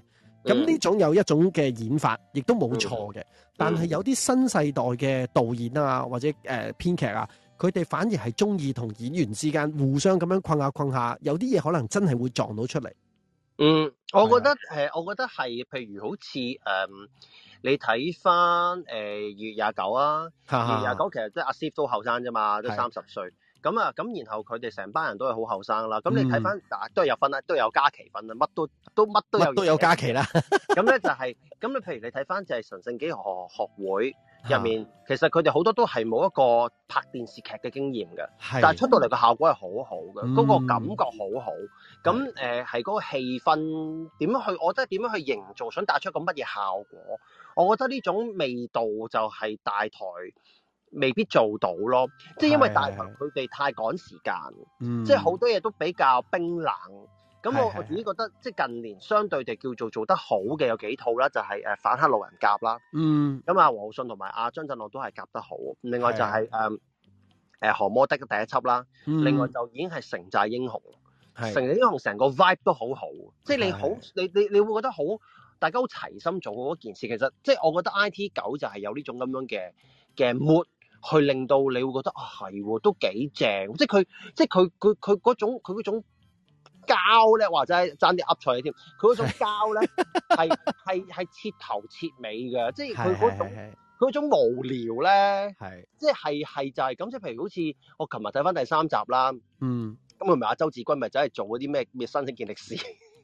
咁呢、嗯、種有一種嘅演法，亦都冇錯嘅。嗯嗯、但係有啲新世代嘅導演啊，或者誒、呃、編劇啊，佢哋反而係中意同演員之間互相咁樣困下困下，有啲嘢可能真係會撞到出嚟。嗯，我覺得係、啊呃，我覺得係，譬如好似誒、呃，你睇翻二月廿九啊，啊二月廿九其實即係阿 Sir 都後生啫嘛，都三十歲。咁啊，咁然後佢哋成班人都係好後生啦。咁你睇翻，嗱、嗯，都有份啦，都有假期份啦，乜都都乜都有。都有假期啦。咁 咧就係、是，咁你譬如你睇翻就係《神聖幾何學會》入面，啊、其實佢哋好多都係冇一個拍電視劇嘅經驗嘅，的但係出到嚟個效果係好好嘅，嗰、嗯、個感覺好好。咁誒係嗰個氣氛點樣去？我覺得點樣去營造，想打出一個乜嘢效果？我覺得呢種味道就係大台。未必做到咯，即係因為大鵬佢哋太趕時間，的即係好多嘢都比較冰冷。咁我的我自己覺得，的即係近年相對地叫做做得好嘅有幾套啦，就係、是、誒、呃、反黑路人甲啦，咁的啊王浩信同埋阿張振朗都係夾得好。另外就係誒誒降魔的嘅第一輯啦，的另外就已經係城寨英雄，的城寨英雄成個 vibe 都好好，的即係你好你你你會覺得好大家好齊心做好一件事。其實即係我覺得 IT 狗就係有呢種咁樣嘅嘅 mood。去令到你會覺得啊係喎，都幾正，即係佢，即係佢佢佢嗰種佢嗰種膠咧，或者係爭啲噏菜添，佢嗰種膠咧係係係徹頭徹尾嘅，即係佢嗰種佢嗰 種，種無聊咧， 即係係就係、是、咁，即係譬如好似我琴日睇翻第三集啦，嗯，咁佢咪阿周志軍咪就係做嗰啲咩咩新死建歷史。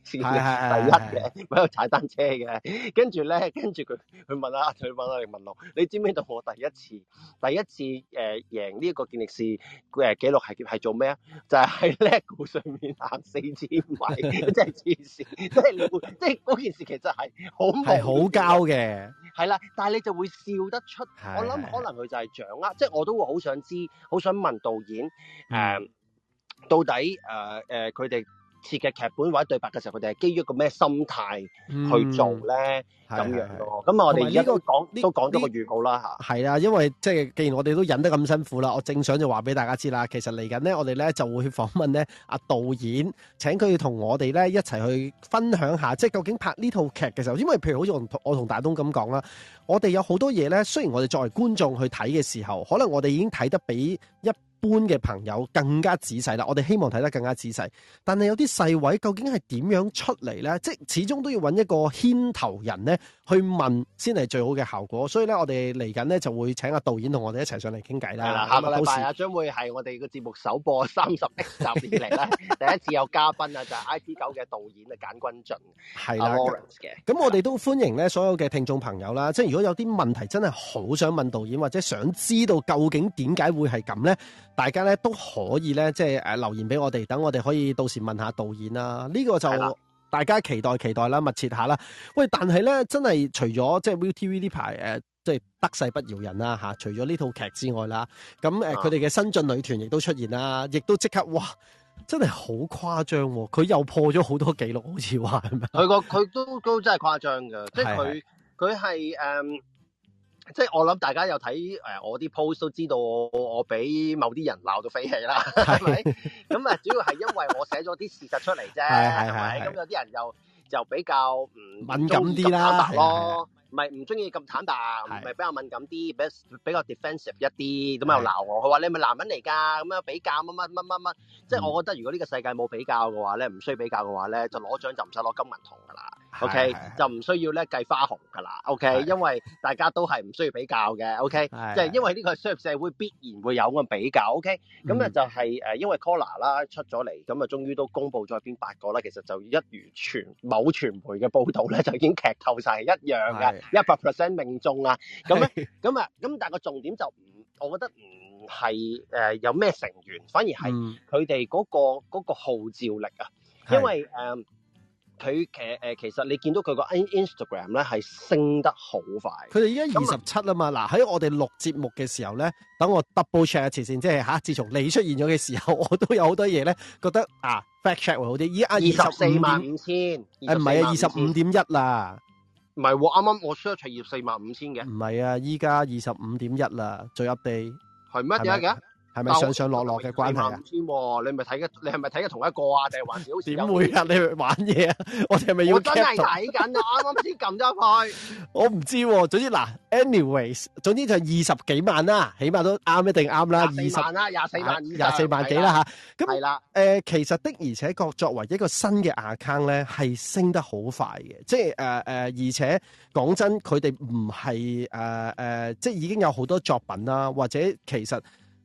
第一嘅，喺度踩單車嘅，跟住咧，跟住佢，佢問啦、啊，佢問我、啊、你問我，你知唔知道我第一次，第一次誒、呃、贏呢一個健力士誒、呃、紀錄係係做咩啊？就係叻古水面行四千米， 真係黐線， 即係會，即係嗰件事其實係好無好交嘅，係啦。但係你就會笑得出。係係係我諗可能佢就係掌握，即係是我都會好想知，好想問導演誒，呃、的到底誒誒佢哋。呃呃設嘅劇本或者對白嘅時候，佢哋係基於個咩心態去做咧？咁、嗯、樣咯。咁啊、嗯，我哋而家都講都講咗個預告啦吓。係啦，因為即係既然我哋都忍得咁辛苦啦，我正想就話俾大家知啦。其實嚟緊呢，我哋咧就會訪問咧阿導演，請佢同我哋咧一齊去分享下，即係究竟拍呢套劇嘅時候，因為譬如好似我同我同大東咁講啦，我哋有好多嘢咧。雖然我哋作為觀眾去睇嘅時候，可能我哋已經睇得比一。般嘅朋友更加仔細啦，我哋希望睇得更加仔細。但係有啲細位究竟係點樣出嚟咧？即係始終都要揾一個牽頭人咧，去問先係最好嘅效果。所以咧，我哋嚟緊咧就會請阿導演同我哋一齊上嚟傾偈啦。下個禮拜啊，事將會係我哋個節目首播三十集以嚟咧， 第一次有嘉賓啊，就係 IT 狗嘅導演啊，簡君進，阿 Lawrence 嘅。咁的的我哋都歡迎咧，所有嘅聽眾朋友啦，即係的如果有啲問題真係好想問導演，或者想知道究竟點解會係咁咧？大家咧都可以咧，即係誒留言俾我哋，等我哋可以到時問下導演啦。呢個就大家期待期待啦，密切下啦。喂，但係咧，真係除咗即係 ViuTV 呢排誒，即係得勢不饒人啦吓，除咗呢套劇之外啦，咁誒佢哋嘅新晉女團亦都出現啦，亦都即刻哇，真係好誇張喎！佢又破咗好多紀錄，好似話係咪？佢個佢都都真係誇張嘅，即係佢佢係誒。的即係我諗大家又睇、哎、我啲 post 都知道我我俾某啲人鬧到飛起啦，係咪？ 咁啊主要係因為我寫咗啲事實出嚟啫，係咪？ 咁、嗯、有啲人又就，就比較嗯敏感啲啦，唔中意咁坦白咯，唔係唔中意咁坦白，唔的比較敏感啲，比較比較 defensive 一啲，咁又鬧我，佢話的你咪男人嚟㗎，咁樣比較乜乜乜乜乜，即係我覺得如果呢個世界冇比較嘅話咧，唔需要比較嘅話咧，就攞獎就唔使攞金銀銅㗎啦。OK，就唔需要咧計花紅噶啦，OK，因為大家都係唔需要比較嘅，OK，即係因為呢個商業社會必然會有咁嘅比較，OK。咁啊就係誒，因為 Collar 啦出咗嚟，咁啊終於都公布咗邊八個啦。其實就一如傳某傳媒嘅報道咧，就已經劇透曬係一樣嘅，一百 percent 命中啊！咁咧，咁啊，咁但係個重點就唔，我覺得唔係誒有咩成員，反而係佢哋嗰個嗰個號召力啊，因為誒。佢其誒，其實你見到佢個 Instagram 咧，係升得好快。佢哋依家二十七啊嘛，嗱喺、嗯、我哋錄節目嘅時候咧，等我 double check 下前線，即係吓，自從你出現咗嘅時候，我都有好多嘢咧，覺得啊，fact check 會好啲。依家二十四萬五千，誒唔係啊，二十五點一啦，唔係，啱啱我 search 四萬五千嘅，唔係啊，依家二十五點一啦，最 update 係乜嘢嘅？是係咪上上落落嘅關係啊？你唔係睇嘅，你係咪睇緊同一個啊？定係玩嘢？點 會啊？你玩嘢啊？我哋係咪要？我真係睇緊啊！啱啱先撳咗開。我唔知，總之嗱、啊、，anyways，總之就二十幾萬啦，起碼都啱一定啱啦，二十萬,、啊萬,啊、萬啦，廿四萬、廿四萬幾啦吓。咁誒了、呃，其實的而且確作為一個新嘅 account 咧，係升得好快嘅。即係誒誒，而且講真，佢哋唔係誒誒，即係已經有好多作品啦，或者其實。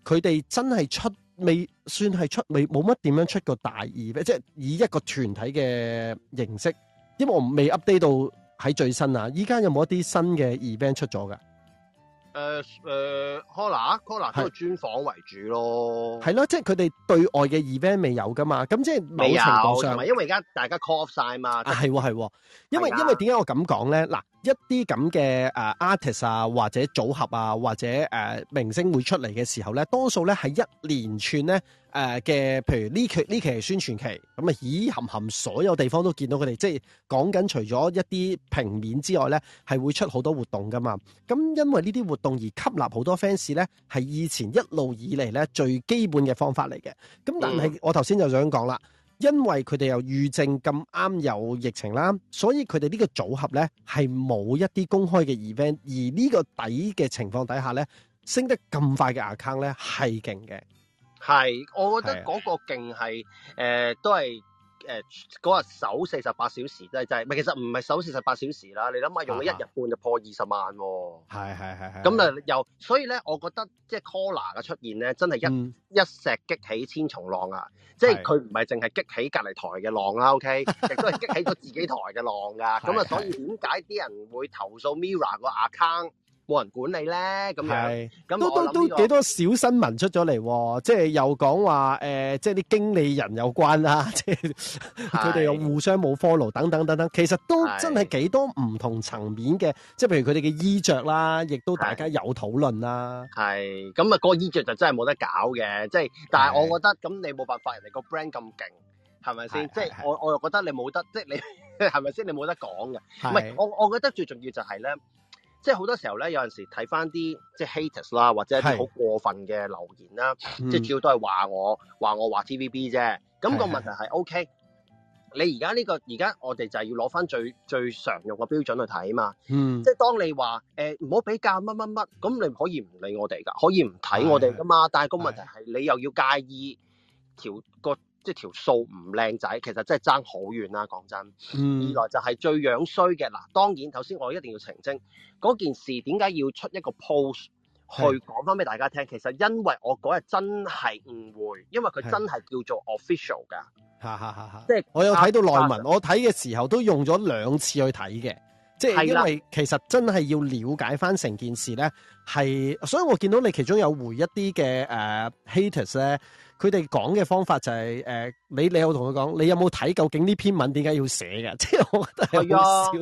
佢哋真係出未算係出未，冇乜點樣出過大 event，即係以一個團體嘅形式，因為我唔未 update 到喺最新啊。依家有冇一啲新嘅 event 出咗噶？誒誒，Collar，Collar 都專訪為主咯，係咯，即係佢哋對外嘅 event 未有噶嘛，咁即係某程度上，因為而家大家 call off 晒嘛，係係、啊，因為因為點解我咁講咧？嗱，一啲咁嘅 artist 啊，或者組合啊，或者、呃、明星會出嚟嘅時候咧，多數咧係一連串咧。誒嘅、呃，譬如呢期呢期係宣傳期，咁啊，咦含含所有地方都見到佢哋，即係講緊除咗一啲平面之外呢，係會出好多活動噶嘛。咁因為呢啲活動而吸納好多 fans 呢係以前一路以嚟呢最基本嘅方法嚟嘅。咁但係我頭先就想講啦，因為佢哋又遇正咁啱有疫情啦，所以佢哋呢個組合呢，係冇一啲公開嘅 event，而呢個底嘅情況底下呢，升得咁快嘅 account 呢係勁嘅。係，我覺得嗰個勁係，誒、呃，都係，誒、呃，嗰日守四十八小時都係，唔、就、係、是，其實唔係守四十八小時啦，你諗下，用咗一日半就破二十萬、哦，係係係係，咁啊又，所以咧，我覺得即係 COLLAR 嘅出現咧，真係一、嗯、一石激起千重浪啊，即係佢唔係淨係激起隔籬台嘅浪啦、啊，OK， 亦都係激起咗自己台嘅浪噶，咁啊，的就所以點解啲人會投訴 Mirror 個 account？冇人管理咧，咁樣都都都幾多小新聞出咗嚟，即係又講話誒，即係啲經理人有關啦，即係佢哋又互相冇 follow 等等等等，其實都真係幾多唔同層面嘅，即係譬如佢哋嘅衣著啦，亦都大家有討論啦。係咁啊，嗰個衣著就真係冇得搞嘅，即係但係我覺得咁你冇辦法，人哋個 brand 咁勁，係咪先？即係我我又覺得你冇得，即係你係咪先？你冇得講嘅，唔係我我覺得最重要就係咧。即係好多時候咧，有陣時睇翻啲即係 haters 啦，或者一啲好過分嘅留言啦，是即係主要都係話我話、嗯、我話 TVB 啫。咁、咁個問題係 O K。的 okay, 你而家呢個而家我哋就係要攞翻最最常用嘅標準去睇啊嘛。的即係當你話唔好比較乜乜乜，咁、呃、你可以唔理我哋㗎，可以唔睇我哋㗎嘛。的但係個問題係的你又要介意條個即係條數唔靚仔，其實真係爭好遠啦，講真。嗯、二來就係最樣衰嘅嗱，當然頭先我一定要澄清，嗰件事點解要出一個 post 去講翻俾大家聽？是其實因為我嗰日真係誤會，因為佢真係叫做 official 㗎。即係我有睇到內文，我睇嘅時候都用咗兩次去睇嘅，即係因為其實真係要了解翻成件事呢，係所以我見到你其中有回一啲嘅 haters 咧。Uh, 佢哋講嘅方法就係、是、誒、呃，你你有同佢講，你有冇睇究竟呢篇文點解要寫嘅？即 係我覺得係好笑、啊。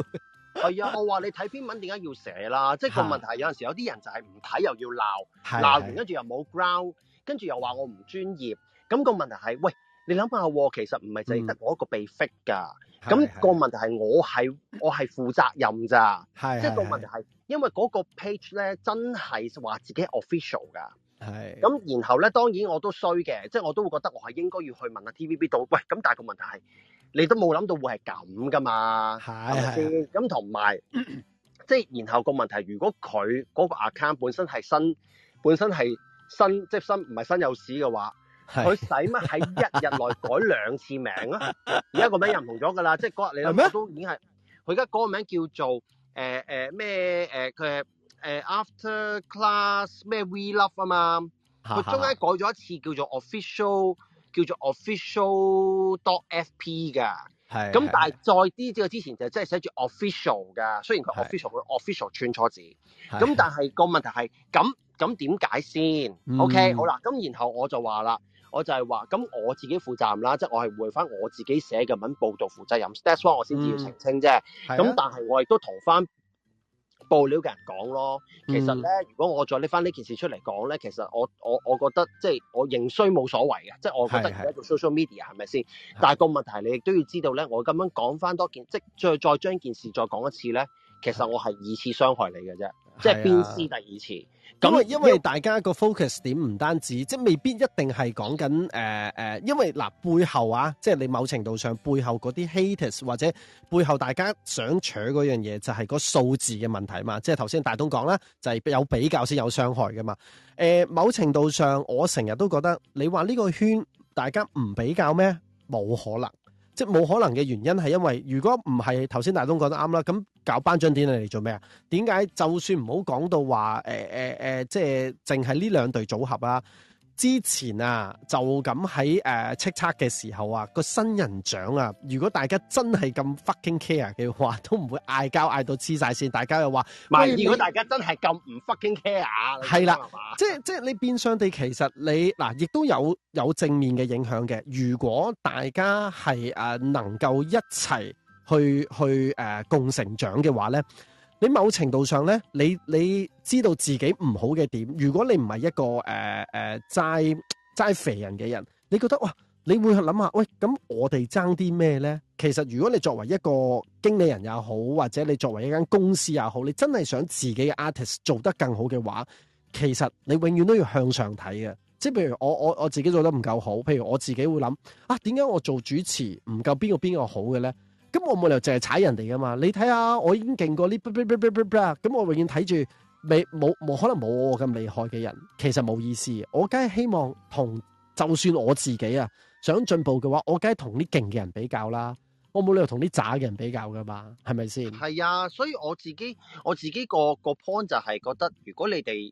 係啊，我話你睇篇文點解要寫啦？ 即係個問題係有陣時有啲人就係唔睇又要鬧鬧是完跟住又冇 ground，跟住又話我唔專業。咁、那個問題係，喂，你諗下，其實唔係淨係得我一個被 fit 㗎。咁是個問題係我係我係負責任咋。係是即係個問題係，是是是因為嗰個 page 咧真係話自己 official 㗎。係，咁 然後咧，當然我都衰嘅，即係我都會覺得我係應該要去問下、啊、TVB 度，喂，咁但係個問題係，你都冇諗到會係咁噶嘛，係咪？咁同埋，即 係樂 然後個問題，如果佢嗰個 account 本身係新，本身係新，即係新唔係新有市嘅話，佢使乜喺一日內改兩次名啊？而家 個名又唔同咗噶啦， 即係嗰日你了 都已經係，佢而家嗰個名叫做誒誒咩誒佢。呃呃誒、uh, after class 咩 we love 啊嘛，佢中間改咗一次叫做 official，叫做 official dot p 噶，咁 但係在呢個之前就真係寫住 official 噶，雖然佢 official 佢 official 串錯字，咁、 嗯、但係個問題係咁咁點解先？OK 好啦，咁然後我就話啦，我就係話咁我自己負責任啦，即係我係回翻我自己寫嘅文報道負責任，that's why、嗯、我先至要澄清啫，咁但係我亦都同翻。報料嘅人講咯，其實咧，如果我再拎翻呢件事出嚟講咧，其實我我我覺得即係我認衰冇所謂嘅，即係我覺得而家做 social media 係咪先？但係個問題你亦都要知道咧，我咁樣講翻多件，即係再再將件事再講一次咧，其實我係二次傷害你嘅啫。即係鞭屍第二次，咁啊，因為大家個 focus 點唔單止，即係未必一定係講緊誒誒，因為嗱、呃、背後啊，即係你某程度上背後嗰啲 haters 或者背後大家想取嗰樣嘢，就係、是、個數字嘅問題嘛。即係頭先大東講啦，就係、是、有比較先有傷害噶嘛。誒、呃，某程度上我成日都覺得，你話呢個圈大家唔比較咩？冇可能，即係冇可能嘅原因係因為，如果唔係頭先大東講得啱啦，咁。搞頒獎典禮嚟做咩啊？點解就算唔好講到話即係淨係呢兩隊組合啊？之前啊，就咁喺誒叱咤嘅時候啊，個新人獎啊，如果大家真係咁 fucking care 嘅話，都唔會嗌交嗌到黐晒線。大家又話，唔如果大家真係咁唔 fucking care，係、啊、啦的，即係即係你變相地其實你嗱，亦、啊、都有有正面嘅影響嘅。如果大家係、啊、能夠一齊。去去、呃、共成長嘅話咧，你某程度上咧，你你知道自己唔好嘅點。如果你唔係一個誒誒齋齋肥人嘅人，你覺得哇，你會去諗下喂，咁我哋爭啲咩咧？其實如果你作為一個經理人也好，或者你作為一間公司也好，你真係想自己嘅 artist 做得更好嘅話，其實你永遠都要向上睇嘅。即係譬如我我我自己做得唔夠好，譬如我自己會諗啊，點解我做主持唔夠邊個邊個好嘅咧？咁我冇理由淨係踩人哋噶嘛？你睇下，我已經勁過呢啲，咁我永遠睇住未冇冇可能冇我咁厲害嘅人，其實冇意思。我梗係希望同，就算我自己啊想進步嘅話，我梗係同啲勁嘅人比較啦。我冇理由同啲渣嘅人比較噶嘛？係咪先？係啊，所以我自己我自己個個 point 就係覺得，如果你哋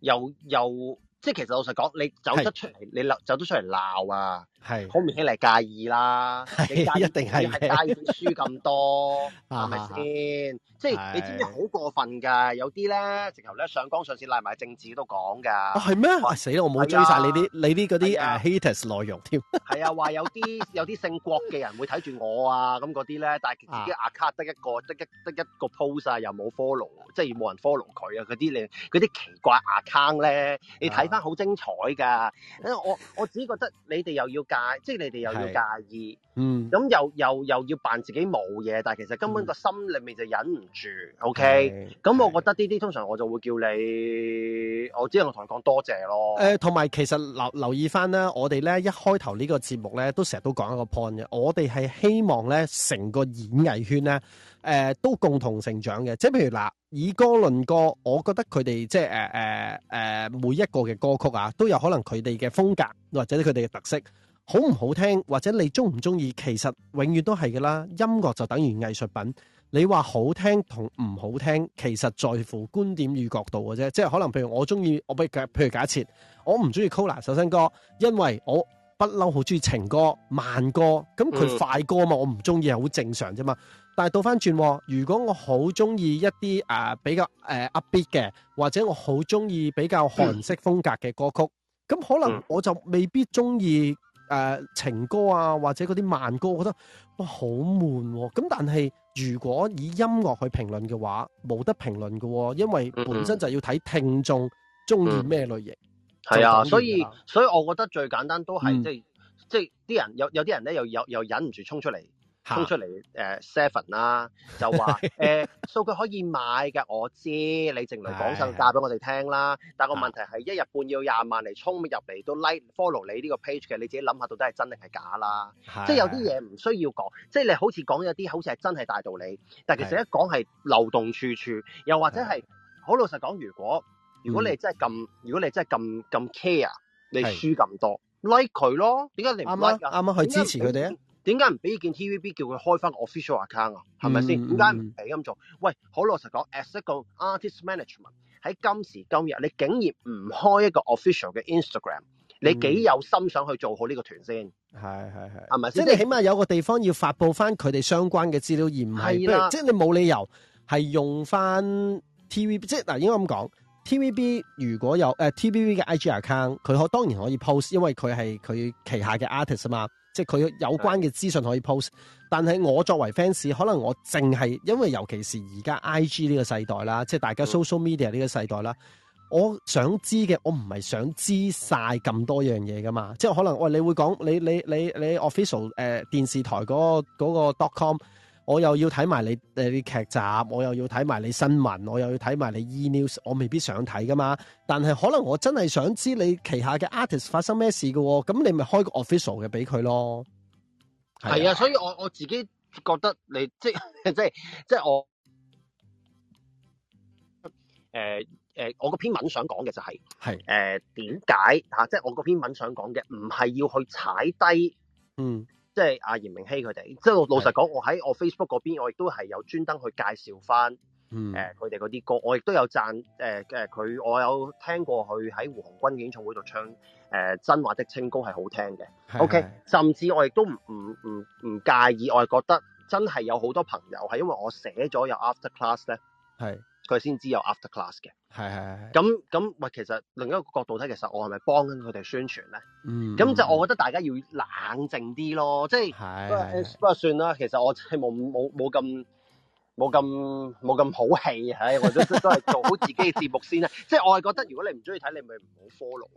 又又即係，其實老實講，你走得出嚟，是你走得出嚟鬧啊！係好明顯嚟介意啦，一定係係介意輸咁多，係咪先？即係你知唔知好過分噶？有啲咧，直頭咧上綱上線賴埋政治都講噶係係咩？死啦！我冇追晒你啲你啲嗰啲誒 haters 內容添。係啊，話有啲有啲姓國嘅人會睇住我啊，咁嗰啲咧，但係自己 account 得一個得一得一個 post 啊，又冇 follow，即係冇人 follow 佢啊。嗰啲你嗰啲奇怪 account 咧，你睇翻好精彩噶。我我只覺得你哋又要介。即係你哋又要介意，嗯，咁又又又要扮自己冇嘢，但係其實根本個心裡面就忍唔住、嗯、OK？咁我覺得呢啲通常我就會叫你，我只能同你講多謝咯。誒、呃，同埋其實留留意返啦，我哋咧一開頭呢個節目咧都成日都講一個 point 嘅，我哋係希望咧成個演藝圈咧。誒、呃、都共同成長嘅，即係譬如嗱，以歌論歌，我覺得佢哋即係、呃呃、每一個嘅歌曲啊，都有可能佢哋嘅風格或者佢哋嘅特色，好唔好聽或者你中唔中意，其實永遠都係嘅啦。音樂就等於藝術品，你話好聽同唔好聽，其實在乎觀點與角度嘅啫。即係可能譬如我中意，我不譬如假譬如假設我唔中意 COLLAR 首新歌，因為我不嬲好中意情歌慢歌，咁佢快歌嘛，嗯、我唔中意係好正常啫嘛。但係倒翻轉，如果我好中意一啲啊、呃、比較誒、呃、upbeat 嘅，或者我好中意比較韓式風格嘅歌曲，咁、嗯、可能我就未必中意誒情歌啊，或者嗰啲慢歌，我覺得哇好悶。咁、呃啊、但係如果以音樂去評論嘅話，冇得評論㗎，因為本身就要睇聽眾中意咩類型。係、嗯、啊，所以所以我覺得最簡單都係、嗯、即係即係啲人有有啲人咧，又有又忍唔住衝出嚟。衝出嚟 Seven 啦，就話誒數據可以買嘅，我知你淨係講曬教俾我哋聽啦。但個問題係一日半要廿萬嚟衝入嚟都 like follow 你呢個 page 嘅，你自己諗下到底係真定係假啦。即係有啲嘢唔需要講，即係你好似講有啲好似係真係大道理，但其實一講係漏洞處處，又或者係好老實講，如果如果你真係咁，如果你真係咁咁 care，你輸咁多 like 佢咯？點解你唔 like 啱啱去支持佢哋啊！點解唔俾依件 T V B 叫佢開翻個 official account 啊？係咪先？點解唔俾咁做？喂，好老實講，as、嗯、一個 artist management 喺今時今日，你竟然唔開一個 official 嘅 Instagram、嗯、你幾有心想去做好呢個團先？係係係，係咪？是是即係你起碼有個地方要發布翻佢哋相關嘅資料，而唔係，是的如即係你冇理由係用翻 T V B，即係嗱應該咁講，T V B 如果有、呃、T V B 嘅 IG account，佢可當然可以 post，因為佢係佢旗下嘅 artist 啊嘛。即係佢有關嘅資訊可以 post，是的但係我作為 fans，可能我淨係因為尤其是而家 IG 呢個世代啦，即係大家 social media 呢個世代啦，嗯、我想知嘅我唔係想知晒咁多樣嘢㗎嘛，即係可能我你會講你你你你 official 誒、呃、電視台嗰、嗰個 dotcom。嗰個 com，我又要睇埋你啲劇集，我又要睇埋你新聞，我又要睇埋你的 E News，我未必想睇噶嘛。但係可能我真係想知道你旗下嘅 artist 發生咩事嘅喎，咁你咪開個 official 嘅俾佢咯。係啊，啊，所以我我自己覺得你即即即我誒誒、呃呃，我嗰篇文想講嘅就係係誒點解嚇，即係我嗰篇文想講嘅，唔係要去踩低嗯。即係阿嚴明熙佢哋，即係老實講，我喺我 Facebook 嗰邊，我亦都係有專登去介紹翻，嗯、呃，佢哋嗰啲歌，我亦都有讚，誒誒佢，我有聽過佢喺黃軍演唱會度唱，誒、呃、真話的清高係好聽嘅是是，OK，甚至我亦都唔唔唔唔介意，我係覺得真係有好多朋友係因為我寫咗有 After Class 呢。係。佢先知有 after class 嘅是，係係，咁咁，喂，其實另一個角度睇，其實我係咪幫緊佢哋宣傳咧？嗯。咁就我覺得大家要冷靜啲咯，即係，不過是、呃呃、算啦，其實我真係冇冇冇咁。冇咁冇咁好戲，唉、哎，我都都係做好自己嘅節目先啦。 即係我係覺得，如果你唔中意睇，你咪唔好 follow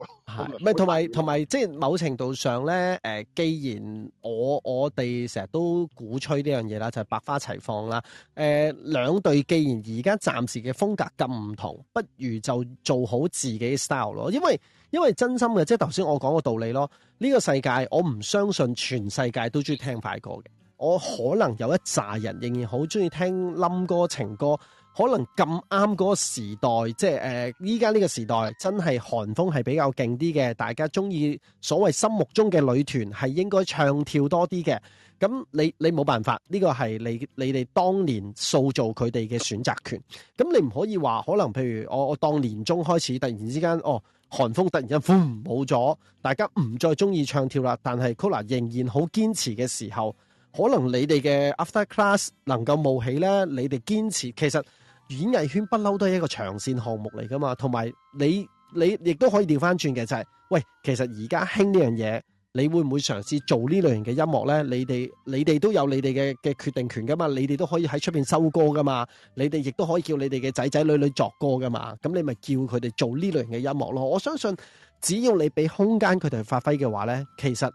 咯。同埋同埋，即係某程度上咧，誒、呃，既然我我哋成日都鼓吹呢樣嘢啦，就係、是、百花齊放啦。誒、呃，兩隊既然而家暫時嘅風格咁唔同，不如就做好自己 style 咯。因為因為真心嘅，即係頭先我講個道理咯。呢、這個世界，我唔相信全世界都中意聽快歌嘅。我可能有一紮人仍然好中意聽冧歌情歌，可能咁啱嗰個時代，即係誒依家呢個時代真係韓風係比較勁啲嘅。大家中意所謂心目中嘅女團係應該唱跳多啲嘅。咁你你冇辦法，呢個係你你哋當年塑造佢哋嘅選擇權，咁你唔可以話可能譬如我我當年中開始突然之間哦，韓風突然間冇咗，大家唔再中意唱跳啦。但係 COLLAR 仍然好堅持嘅時候。可能你哋嘅 After Class 能夠冒起咧，你哋堅持其實演藝圈不嬲都係一個長線項目嚟㗎嘛，同埋你你亦都可以調返轉嘅就係、是，喂，其實而家興呢樣嘢，你會唔會嘗試做呢類型嘅音樂咧？你哋你哋都有你哋嘅嘅決定權㗎嘛，你哋都可以喺出面收歌㗎嘛，你哋亦都可以叫你哋嘅仔仔女女作歌㗎嘛，咁你咪叫佢哋做呢類型嘅音樂咯。我相信只要你俾空間佢哋發揮嘅話咧，其實。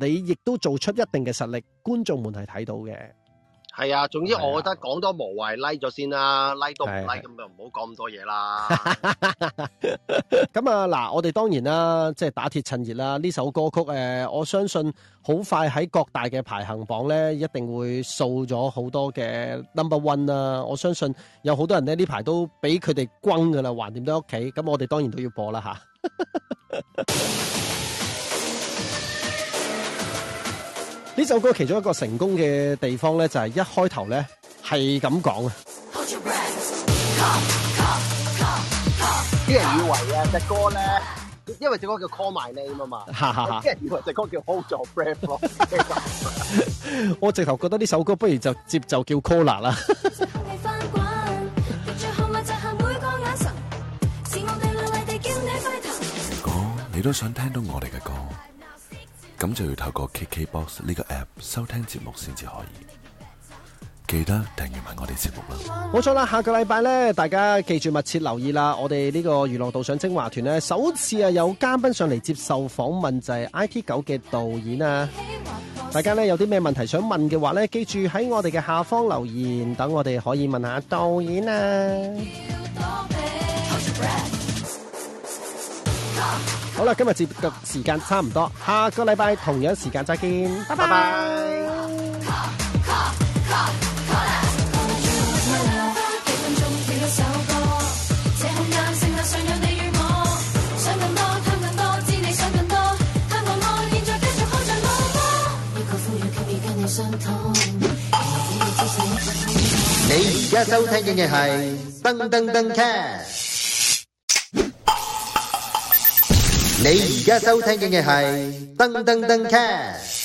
你亦都做出一定嘅實力，觀眾們係睇到嘅。係啊，總之我覺得講多無謂，拉咗先啦，拉都唔拉，咁就唔好講咁多嘢啦。咁啊，嗱，我哋當然啦，即係打鐵趁熱啦。呢首歌曲誒，我相信好快喺各大嘅排行榜咧，一定會掃咗好多嘅 number one 啦。我相信有好多人咧呢排都俾佢哋轟噶啦，橫掂都喺屋企。咁我哋當然都要播啦嚇。呢首歌其中一個成功嘅地方咧，就係一開頭咧係咁講啊！Hold Your Breath，啲人以為啊隻歌咧，因為隻歌叫 Call My Name 啊嘛，啲人 以為隻歌叫 Hold Your Breath 咯。 我直頭覺得呢首歌不如就接就叫 Call 啦。如果 你都想聽到我哋嘅歌，咁就要透過 KKBOX 呢個 app 收聽節目先至可以。記得訂閱埋我哋節目啦。冇錯啦，下個禮拜咧，大家記住密切留意啦。我哋呢個娛樂道上精華團咧，首次啊有嘉賓上嚟接受訪問就係 IT 狗嘅導演啊！大家咧有啲咩問題想問嘅話咧，記住喺我哋嘅下方留言，等我哋可以問下導演啊！好啦，今日節目嘅時間差唔多，下個禮拜同樣時間再見，拜拜。你而家收聽嘅嘢係噔噔噔聽。你而家收聽嘅係噔噔噔 cat